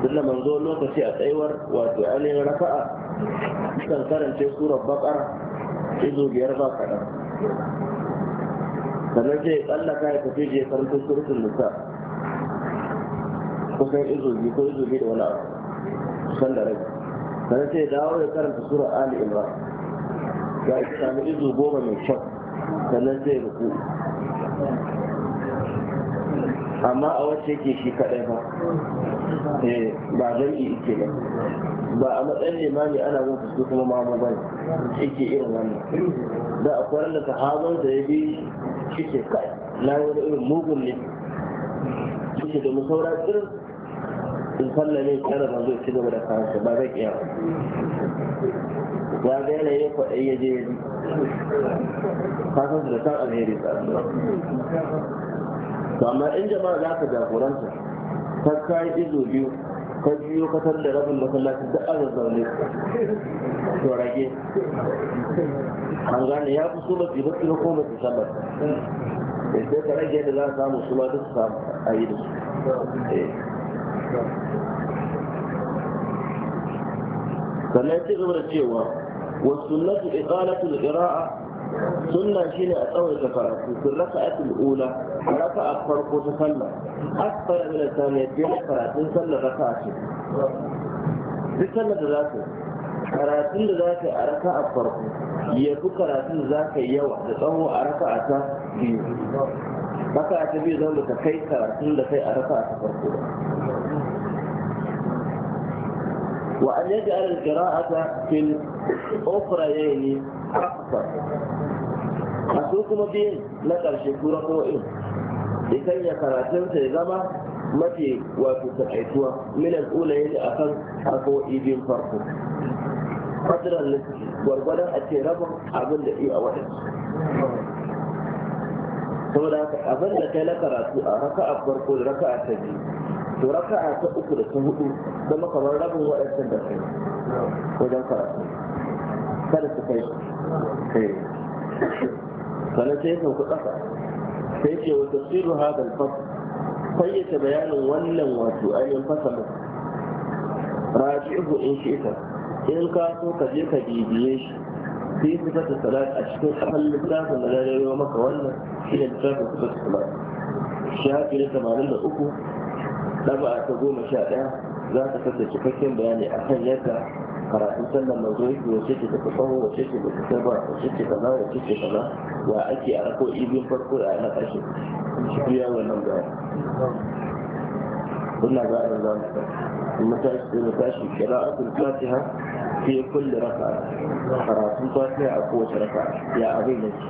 tunda manzo lokaci a tsayuwar wato ainihin rafa'a kan karance surar baƙar izo biyar ba kaɗan sannan zai tsallaka ya tafi je karatun surutun nisa kusan izo biyu ko izo biyu da wani abu kusan da rai sannan sai dawo ya karanta surar ali imran ita sami izo goma mai kyau sannan zai ruku amma a wacce ke shi kaɗai ba eh, ba jam'i ike ba ba a matsayin limami ana zan su kuma mamu ba yake irin wannan da a kwarar da sahabon da ya bi shi ke kai na wani irin mugun ne shi da musaura irin in sallame tsara ba zai ci gaba da kansa ba zai iya ya ga yanayin kwaɗayi ya je ya ji kasan su da san alheri to amma in jama'a za ka jagoranta ka kayi izo biyu ka biyo ka da rabin masallacin da an zaune to rage an gane ya fi so ba su yi basu na koma su sallar eh, sai ka rage da za a samu su ma duk samu a yi da su eh. sannan ci gaba da cewa والسنة إطالة القراءة sunna shine a tsawaita karatu fil raka'atul ula raka'a farko ta sallah akbar min al-thaniya bi karatun sallar raka'a ce duk sallar da zaka karatun da a farko ya fi karatun da zaka yawa da tsawo a raka'a ta biyu raka'a ta biyu zan ta kai karatun da kai a raka'a ta farko وأن يجعل القراءة في الأخريين أكثر أسوكم بين لقر شكورة وإن لكي يقرأتم سيغمى mafi wato takaituwa milan ula yake a kan harkoki farko fadiran lissi gwargwadon a ce rabin iya waɗin saboda haka kai na karatu a raka a farko da raka a to raka a ta uku da ta hudu zama kamar rabin waɗancan da kai wajen karatu kada su kai sannan sai ya sauka ƙasa sai ce wata siru hadal fasa fayyace bayanin wannan wato ainihin fasalin raji'uhu in ita in ka so ka je ka bibiye shi sai su ta salat a cikin kafan littafin da zai maka wannan shi ne littafin su ta salat shafi na tamanin da uku ɗaba ta goma sha ɗaya za ta kasa cikakken bayani a kan yadda karatun sallar mazo yake wace ce ta tsawo wace ce ba ta ba wace ce kaza wace ce kaza wa ake a rako ibin farko da na ƙarshe shi biya wannan bayani kuna za a za mu kuma ta shi da ta shi qira'atul fatiha fi kulli raka'a karatun fatiha a kowace raka'a ya abin yake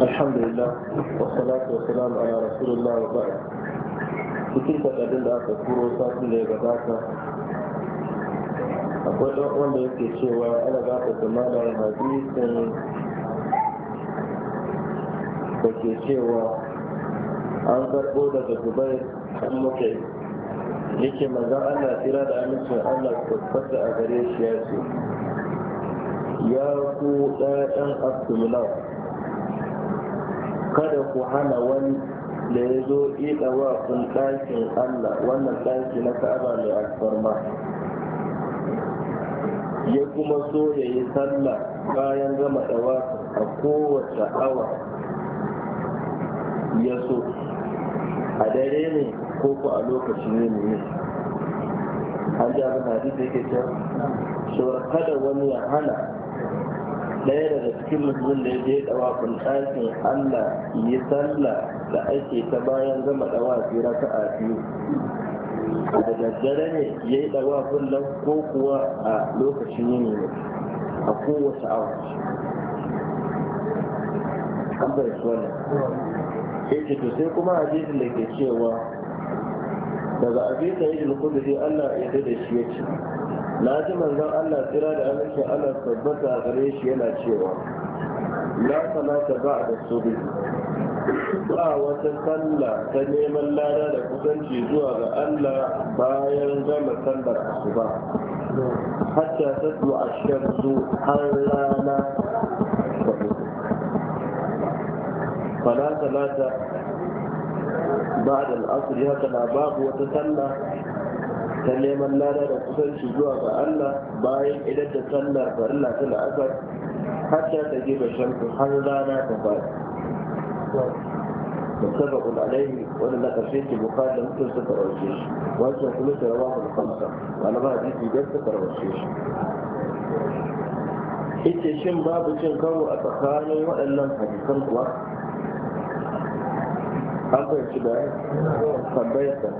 الحمد لله والصلاة والسلام على رسول الله وبعد cikin takardun da aka turo satin da ya gabata akwai ɗan wanda yake cewa ana gata da hadisin da ke cewa an karɓo daga dubai an mutai yake manzan Allah tsira da amince Allah tabbata a gare shi ya ce ya ku ɗayan abdullah kada ku hana wani da ya zo ɗiɗa wa kun ɗakin Allah wannan ɗaki na ka'aba mai alfarma ya kuma so ya yi sallah bayan gama ɗawata a kowace awa ya so a dare ne ko a lokacin yin ne an ji abin da yake can shawar kada wani ya hana ɗaya daga cikin mutumin da ya je dawa ɗakin Allah yi sallah da ake ta bayan gama dawa fi raka'a biyu da daddare ne ya yi dawa kullum ko kuwa a lokacin yini ne a kowace awa an bai ne sai ce to sai kuma hadisin da ke cewa daga abin da yake kudu dai Allah ya da shi ya ce na ji manzon Allah tsira da aminci Allah tabbata a gare shi yana cewa la salata ba da subi ba wata sallah ta neman lada da kusanci zuwa ga Allah bayan gama sallar asuba hatta tatlu ashamsu har rana fala salata بعد الأصل هكذا باب وتسلى كان يمن لا لا تسل شجوع فألا باين إذا تسلى فألا تل أسد حتى تجيب الشمس لا لا تفاد متفق عليه وانا لا تشيك بقال لم تكن ستر وشيش وانا سلوك رواه الخمسة وانا ما هديك بجد ستر وشيش إتشم باب إتشم كو أتخاني وإلا حديثا وقت an fahimci da tambayarsa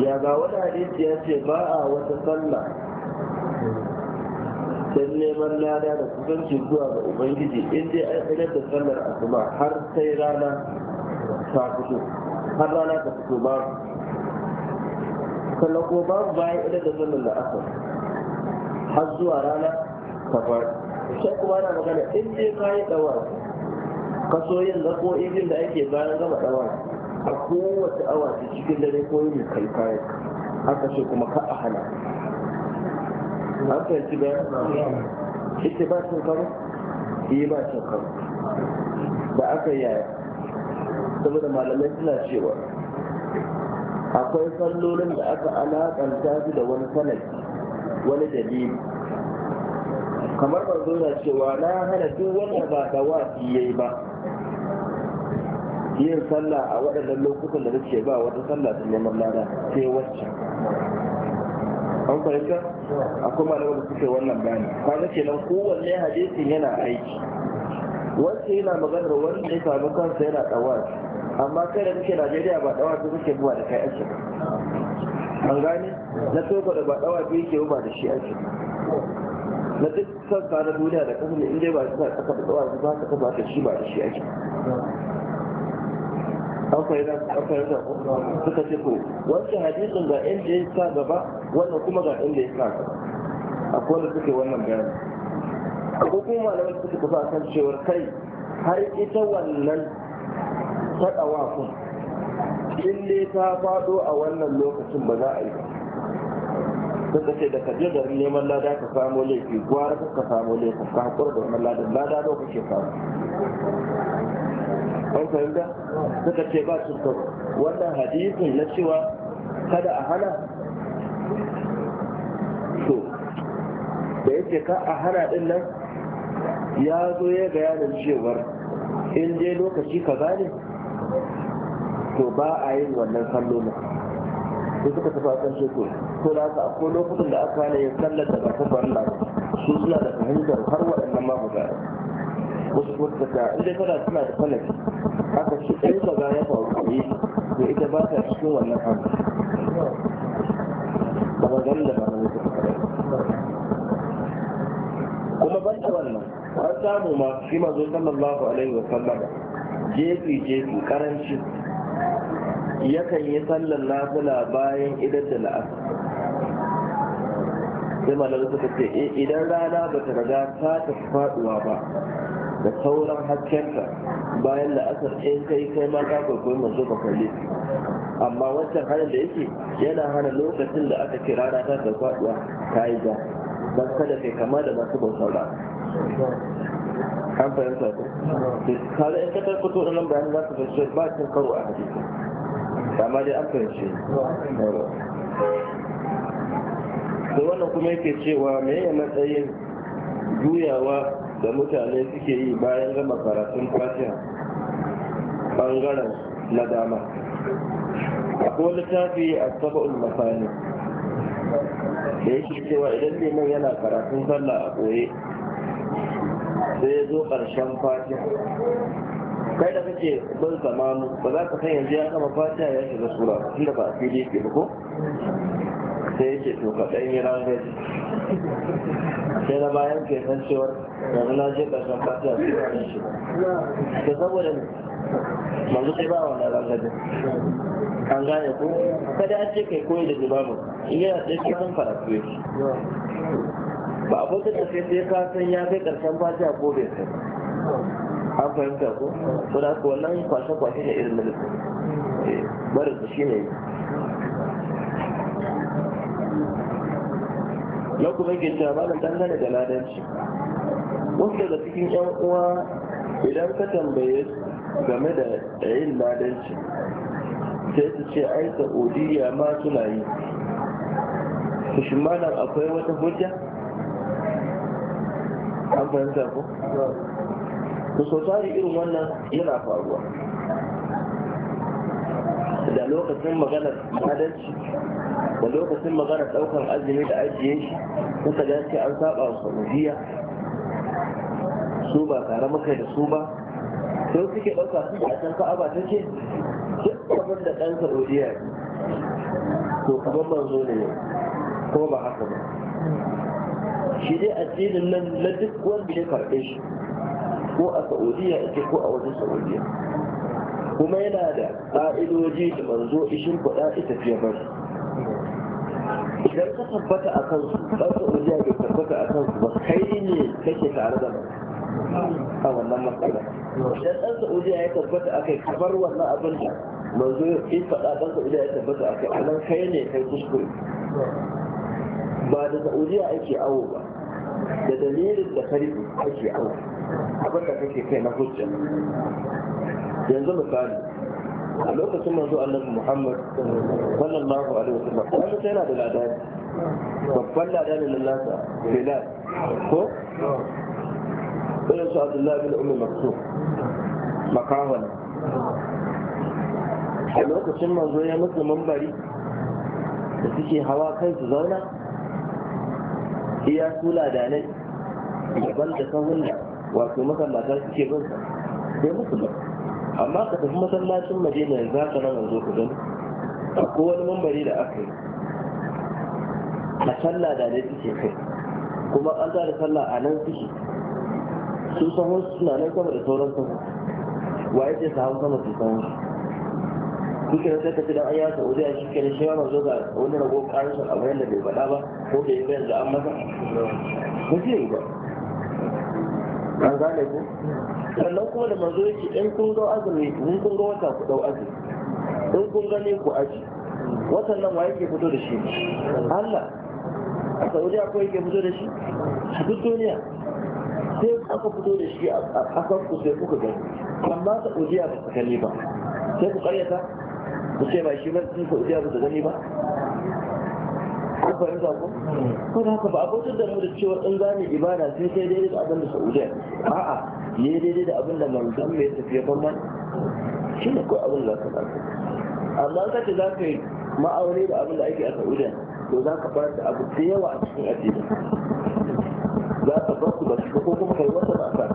ya ga wani hadisi ya ce ba a wata sallah Sai neman lada da kusanci zuwa ga ubangiji in dai an tsirar da sallar asuba har sai rana ta fito har rana ta fito babu sannan kuma babu bayan tsirar da sallar da asar har zuwa rana ta faɗi sai kuma na magana in dai ka yi ɗawa kaso yin ko ibin da ake bayan gama dawa a kowace awa ta cikin dare ko yin kai kai haka ce kuma ka a hana haka fahimci bayan ita ba cin karo yi ba cin karo da aka yaya saboda malamai suna cewa akwai sallolin da aka alaƙanta su da wani sanadi wani dalili kamar manzo na cewa na hana duk wanda ba ya yayi ba yin sallah a waɗannan lokutan da nake ba wata sallah ta neman lada sai wacce an fahimta akwai kuma da suke wannan bayani kaga kenan kowanne hadisin yana aiki wacce yana maganar wanda ya samu kansa yana dawafi amma kai da kake Najeriya ba dawafi kuke buwa da kai ake an gane na togo da ba biyu yake ba da shi ake na duk sassa na duniya da kasar in dai ba su sa kasa da tsawa su ba su kasa ka shi ba da shi ake an fahimta an fahimta suka ce ko wancan hadisin ga inda ya sa gaba wannan kuma ga inda ya sa gaba akwai wanda suke wannan bayani ko kuma malamai suka tafi a kan cewar kai har ita wannan taɗawa kun in dai ta faɗo a wannan lokacin ba za a yi suka ce da ka je garin neman lada ka samo laifi gwara ka ka samo laifi ka hakura da wannan ladan lada nawa ke samu an fahimta suka ce ba su ka wannan hadisin na cewa kada a hana to da yake ka a hana din nan ya zo ya yanar cewar in dai lokaci ka gane to ba a yin wannan na sai suka tafi a kan shekaru ko da haka akwai lokutan da aka hana yin sallar da ba ta farilla su suna da fahimtar har waɗannan ma guda wasu wata ta inda tana suna da falafi aka shi ɗaya ba ga ya faru a yi eh, ita ba ta cikin wannan hannu ba ba ganin da ba na mutu kuma ban da wannan an samu ma shi mazo sallallahu alaihi wa sallama jefi jefi karanci yakan yi sallar nafila bayan idan da la'asar sai malar suka ce eh, idan rana ba ta riga ta tafi faduwa ba da sauran haskenta bayan da asar in kai kai ma ka gwagwai manzo ka kalli amma wancan hannun da yake yana hana lokacin da aka ce rana ta ta faduwa ta yi ja don kada kai kama da masu bautar rana an fahimta ta kada in ka tarkoto da nan bayan za ka fahimci ba cin karo a hadisi amma dai an fahimci da wannan kuma yake cewa me ya matsayin juyawa da mutane suke yi bayan gama karatun fatiha bangaren na dama akwai littafi a saba'ul masani da yake cewa idan liman yana karatun sallah a ɓoye sai ya zo ƙarshen fatiha kai da kake bin zamanu ba za ka san yanzu ya kama fatiha ya shiga sura da ba a fili ke ba ko sai yake to ka ɗan yi rangai sai na bayan ke san cewa yanzu na je ƙarshen fatiha su ba shi ba to saboda ne sai ba wannan rangai an gane ko kada a ce kai koyi da limamin in yana ce shi san faratu yake ba a kwanta da sai sai ka san ya kai ƙarshen fasiya ko bai kai an fahimta ko to da wannan kwashe-kwashe ne irin na lissafi eh, Bari su shi ne na kuma ke cewa ba dangane da ladanci wasu daga cikin yan uwa idan ka tambaye game da yin ladanci sai su ce ai saudiya ma suna yi su shi malam akwai wata hujja an fahimta ko ku so irin wannan yana faruwa da lokacin maganar adalci da lokacin maganar daukan azumi da ajiye shi suka ce an saba wa saudiya su ba tare muka da su ba sai suke ɗauka su a can ka'aba ta ce duk abin da ɗan saudiya to kamar manzo ne ko ba haka ba shi dai addinin nan na duk wanda ya karɓe shi ko a saudiya ake ko a wajen saudiya kuma yana da ƙa'idoji da manzo ishin kuɗa ita fiye su idan ka tabbata a kansu ɗan ka ujiya bai tabbata a kansu ba kai ne kake tare da mai a wannan matsala idan ɗan ka ujiya ya tabbata a kai kamar wannan abin da manzo fi faɗa ɗan ka ujiya ya tabbata a kai a nan kai ne kai kuskure ba da sa'udiya ake awo ba da dalilin da karibu ake awo abin da kake kai na hujja yanzu misali a lokacin manzo annabi muhammad sallallahu alaihi wasallam ko sai yana da ladani babban ladani na nasa bilal ko irin su abdullahi bin umar maksum makawan a lokacin manzo ya musu mambari da suke hawa kai su zauna iya su ladanai daban da sahun wato masallata suke bin sa sai musu ba amma ka tafi masallacin madina yanzu ka nan a zo ku gani a kowane mambari da aka yi a sallah da ne suke kai kuma an da sallah a nan suke su samu suna nan sama da sauran sahun wa yake sahun sama su sahun duk da sai ka ci dan an yasa a cikin shi ma manzo ga wani rago karshen abu yadda bai faɗa ba ko bai yi yanzu an masa ba zai yi ba an gane ku sannan kuma da manzo yake in kun ga azumi in kun ga wata ku dau azumi in kun ga gane ku aji watan nan wa yake fito da shi Allah a Saudiya ko yake fito da shi a duk duniya sai aka fito da shi a ƙasar ku sai kuka gani amma Saudiya ba ta gani ba sai ku karyata ku ce ba shi ba sun Saudiya ba ta gani ba kun fahimta ko ko da haka ba abotar da mu da cewa in za mu ibada sai sai daidai da abin da saudiya a'a ne daidai da abin da manzon mai tafiya ban man shi ko abin da ka ɗauka amma ka ce za ka yi ma'aure da abin da ake a saudiya to za ka fara da abu da yawa a cikin addini za ka bar su ba su ko kuma kai wata ba ka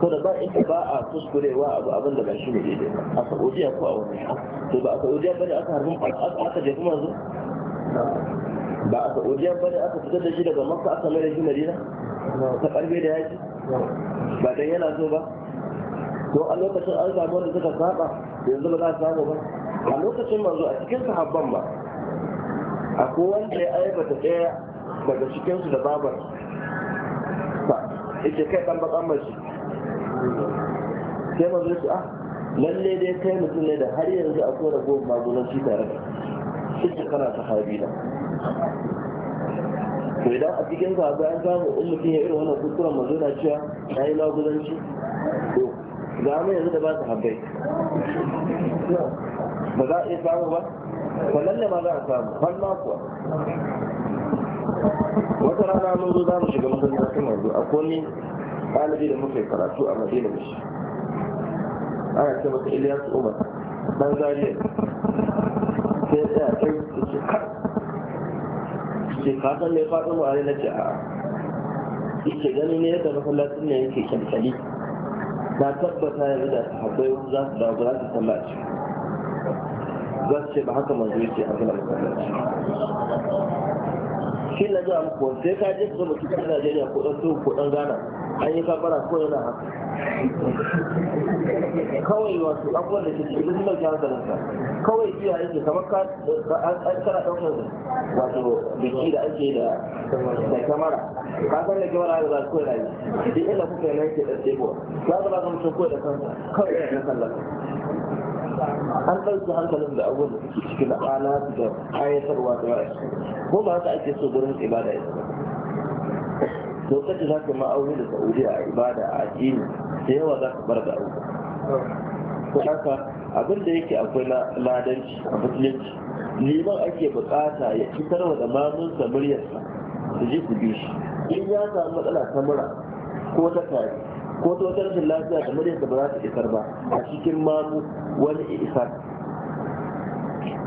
ko da ba inda ba a kuskurewa abu abin da ba shi ne daidai a saudiya ko a wani to ba a saudiya ba ne aka harbin aka jefi manzo ba a saudiya ba ne aka fitar da shi daga makka aka mai da shi madina ta karfe da yaki ba dan yana so ba to a lokacin an samu wanda suka saba yanzu ba za a samu ba a lokacin manzo a cikin sahabban ba A akwai wanda ya aibata ɗaya daga cikinsu da babar ba ita kai ɗan bakan mace sai manzo ya ce ah lalle dai kai mutum ne da har yanzu a kora ragowar magunan shi tare da duk kana sahabi da. to idan a cikin sahabi an samu in mutum ya irin wannan kuskuren mazo na cewa ya yi lagudanci to ga mu yanzu da ba su habbai ba za a iya samu ba kwallon da ma za a samu har ma kuwa wata rana mun zo za mu shiga masallacin manzo a kone ɗalibi da muka yi karatu a madina da shi ana ce masa iliyas umar ɗan zariya sai ya tsaya kai ya ce ka ce ka san me faɗi mu a na ce a yake gani ne yadda masallacin ne yake kyalkyali na tabbata yanzu da sahabbai wasu za su dawo za su sallaci za su ce ba haka manzo yake a gina masallaci shi na zuwa muku sai ka je ka zama kan Najeriya ko ɗan ko ɗan Ghana Ayi ka kafara ko yana haka kawai wasu abubuwan da ke cikin mai jihar da kawai iya yake kamar ka an kara ɗaukar wato biki da ake da da kamara ka san da kamara da za su koyi rayu duk inda kuka yana yake da tsebo za su ba ka mutum kawai da kansa kawai yana kallon an ɗauki hankalin da abubuwan da suke cikin ana da ayatarwa da yawa ko ba haka ake so gurin ibada ita to kace za ka ma'auni da saudiya a ibada a addini da yawa za ka bar da aure ko haka abin da yake akwai ladanci a musulunci liman ake bukata ya fitar wa da mamunsa muryarsa su ji su bi shi in ya samu matsala ta mura ko ta tari ko ta wata rashin lafiya da muryarsa ba za ta isar ba a cikin mamu wani isar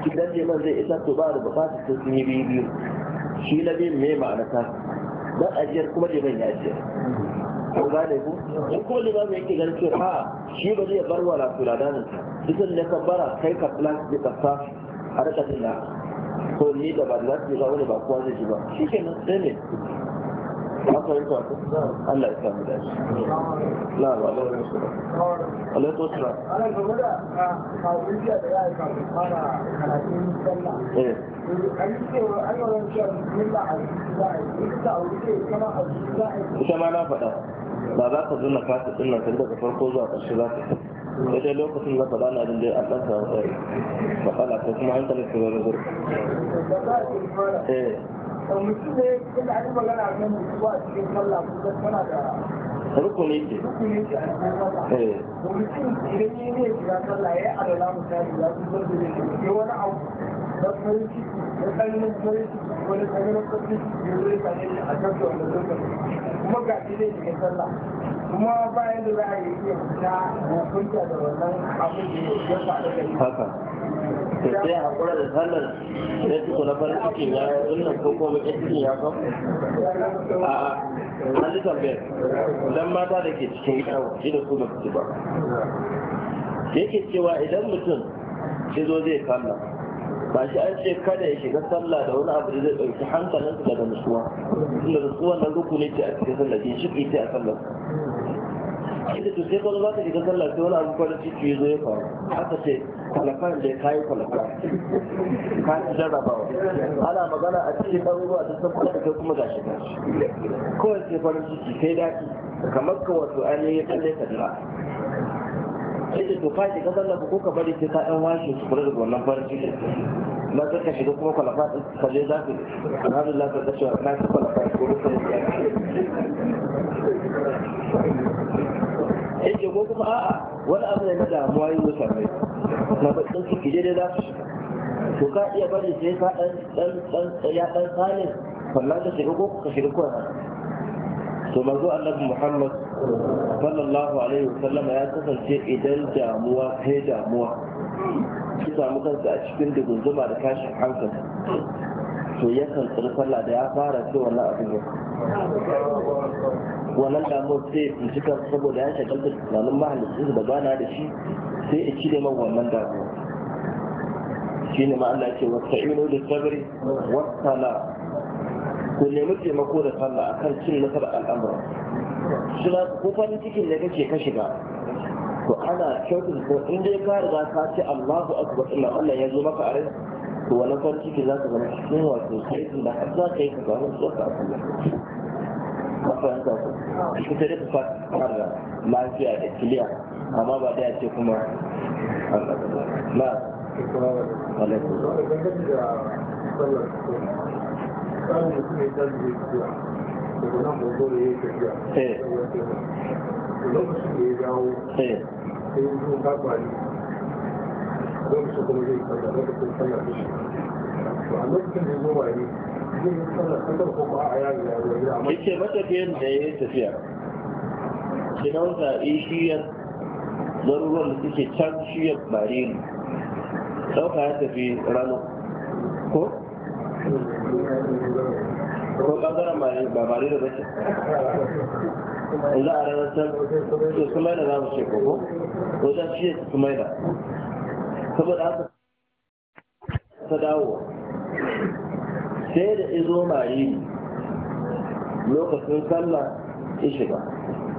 idan liman zai isar to ba da bukatar sun yi biyu biyu shi na biyu mai ma'ana dan ajiyar kuma da ya ajiyar ko gane ku in kuma liman yake ganin cewa ha shi ba zai bar wala su danin sa bisan ne ka bara kai ka plan da ka sa a rika da ko ni da ba za ga wani ba kowa ji ba shi ke nan sai ne an fahimta ku Allah ya samu da ah, da ya yi fara karatun ita ma na faɗa ba za ka zo na fata ɗin nan daga farko zuwa ƙarshe za ka sai dai lokacin na faɗa na jin dai an ɗan samu tsari matsala ko kuma an kalli su wani gurbi. Eh. rukuni ce eh. rukuni ce a kan kuma ga shi zai shiga sallah kuma bayan da za a yi iya fita hukunta da wannan abin da ya faru da haka to sai a hakura da sallar sai tuku na farin ciki ya wannan ko kuma bakin ciki ya kan a hannun tambayar dan mata da ke cikin ita shi da su ba su ba yake cewa idan mutum shi zo zai kalla ba shi an ce kada ya shiga sallah da wani abu da zai ɗauki hankalinsa daga nutsuwa inda nutsuwa na rukuni ce a cikin sallah ke shi ce a sallah inda to sai kawai za ka shiga sallah sai wani abu kwanan ciki ya zo ya faru aka ce kwalafan da ya kayi kwalafa ka ci jarrabawa ana magana a cikin ɗaruruwa da sun kwanan kai kuma gashi gashi kawai sai farin ciki sai daɗi kamar ka wato ainihin kalle ka jira yadda to ka shiga ko ka bari sai ka dan washe su kula da wannan farin ciki na ka ka shiga kuma fadi ka je za alhamdulillah ka kashe na ka fadi ko ka yi yake ko kuma a'a wani abu ne na damuwa yi mai na bakin ki je za su to ka iya bari sai ka dan dan dan ya ɗan salin wallahi ka shiga ko ka shiga kwana to mazo annabi muhammad sallallahu alaihi wasallama ya kasance idan damuwa ta yi damuwa su samu kansa a cikin dugunzuma da tashin hankali to ya tsiri sallah da ya fara ce wannan abin ya wannan damuwar sai ya tsinci saboda ya da tunanin mahallin da bana da shi sai ya cire man wannan damuwa shi ne ma Allah ce wata ino da sabari wata na ku nemi taimako da sallah akan cin nasarar al'amura suna ko farin cikin da kake ka shiga to ana kyautar ko in dai ka riga ka ce Allahu akbar illa Allah ya zo maka are, to wani farin ciki za ka zama cikin wato sai da har za ka yi ka samu zuwa ka Allah ka fahimta ko ku tare ka fara lafiya da kiliya amma ba da ce kuma Allah daga nan da ya tafiya eh. lokacin da ya eh. sai lokacin kuma zai lokacin shi a lokacin da ya zo yi sallar sallar ko ba a ya yake da ya yi tafiya eh, shiyar garuruwan da suke can shiyar bare ne ya tafi rana ko ko bangaren ba ba ne da bace yanzu a ranar can su kuma da za mu ce ko ko ta ce su kuma da saboda haka ta dawo sai da izo mari lokacin sallah ya shiga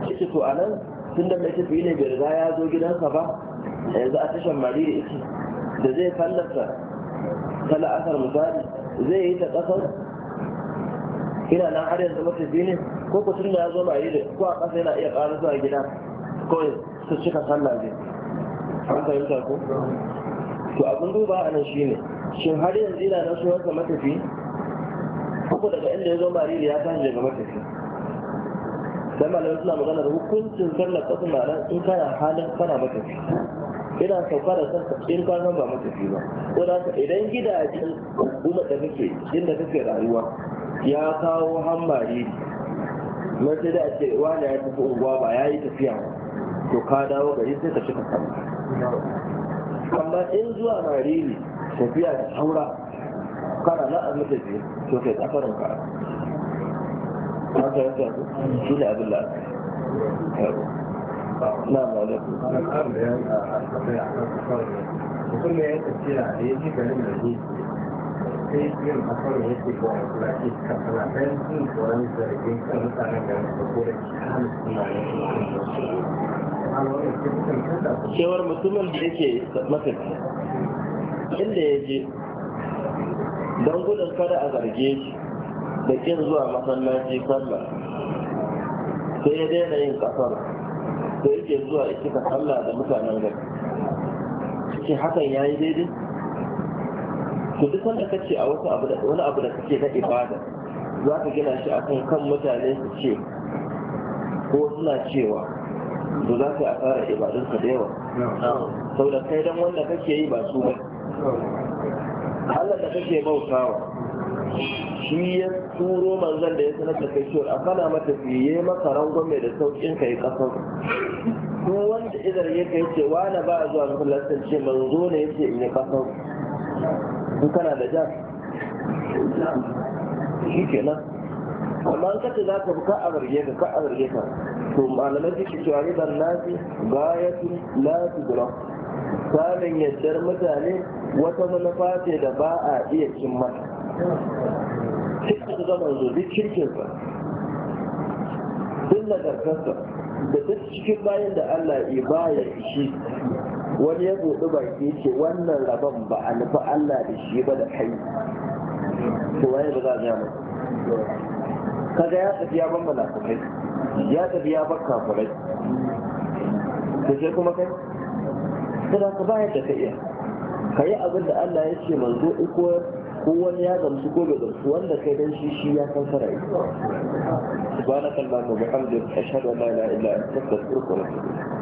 ciki to a nan tun da mai tafi ne bai riga ya zo gidansa ba yanzu a tashan mari da ita da zai fallasa ta la'asar misali zai yi ta ƙasar ina nan har yanzu matafi ne ko ku tunda ya zo ba yi da ko a ƙasa yana iya ƙara zuwa gida kawai su cika sallah ne an fahimta ko to abin duba a nan shine shin har yanzu ina nan wata matafi ko daga inda ya zo mariri ya tashi daga matafi dan malamai suna magana da hukuncin sallar kasu nan in kana halin kana matafi ina sauka da san in ka san ba matafi ba ko da idan gidajen kuma da kake inda kake rayuwa ya kawo hambari na sai da ake wani ya tafi unguwa ba ya yi tafiya to ka dawo gari sai ka shiga kama. amma in zuwa mariri tafiya da saura kana na a mata biyu to kai kafarin ka haka yanzu shi ne abin da na Na malaku mutum ne ya tafiya da ya ji garin da sai yin kasar da yake ko a kulaƙi kasana don yin tsoron zargin kan mutanen da yake ko da kyan tunanin cewar mutumin da yake mafafi inda ya je don gudun kada a zarge shi da kin zuwa masallaci sallah sai ya daina yin kasar sai yake zuwa ya kalla da mutanen gari shi hakan ya yi daidai to duk wanda kace a wasu abu da wani abu da kake na ibada za ka gina shi akan kan mutane su ce ko suna cewa to za ka yi asara ibadun ka da yawa saboda kai dan wanda kake yi ba su ba Allah da kake bautawa shi ya turo manzan da ya sanar da kai cewa afana mata fiye maka rangon mai da saukin kai kasan ko wanda idan ya kai cewa na ba zuwa masallacin ce manzo ne yake in ya kasan in kana da ja shi ke nan amma ka ce za ka fi ka a zarge ka ka a zarge ka to malamai suke cewa ribar nasi gayatun la tudrak samun yaddar mutane wata manufa ce da ba a iya cin mata cikin zaman zama zo duk kirkinsa duk nagartarsa da duk cikin bayan da Allah ya ba ya ishi wani ya buɗi baki ce wannan rabon ba a nufi Allah da shi ba da kai to wani ba za a gano kaga ya tafi ya ban munafikai ya tafi ya ban kafirai to sai kuma kai kada ka bayar da ka iya ka yi abin da Allah ya ce manzo iko ko wani ya gamsu ko bai gamsu wanda kai dan shi shi ya san sarai subhanakallahumma wa bihamdika ashhadu an la ilaha illa anta astaghfiruka wa atubu ilaik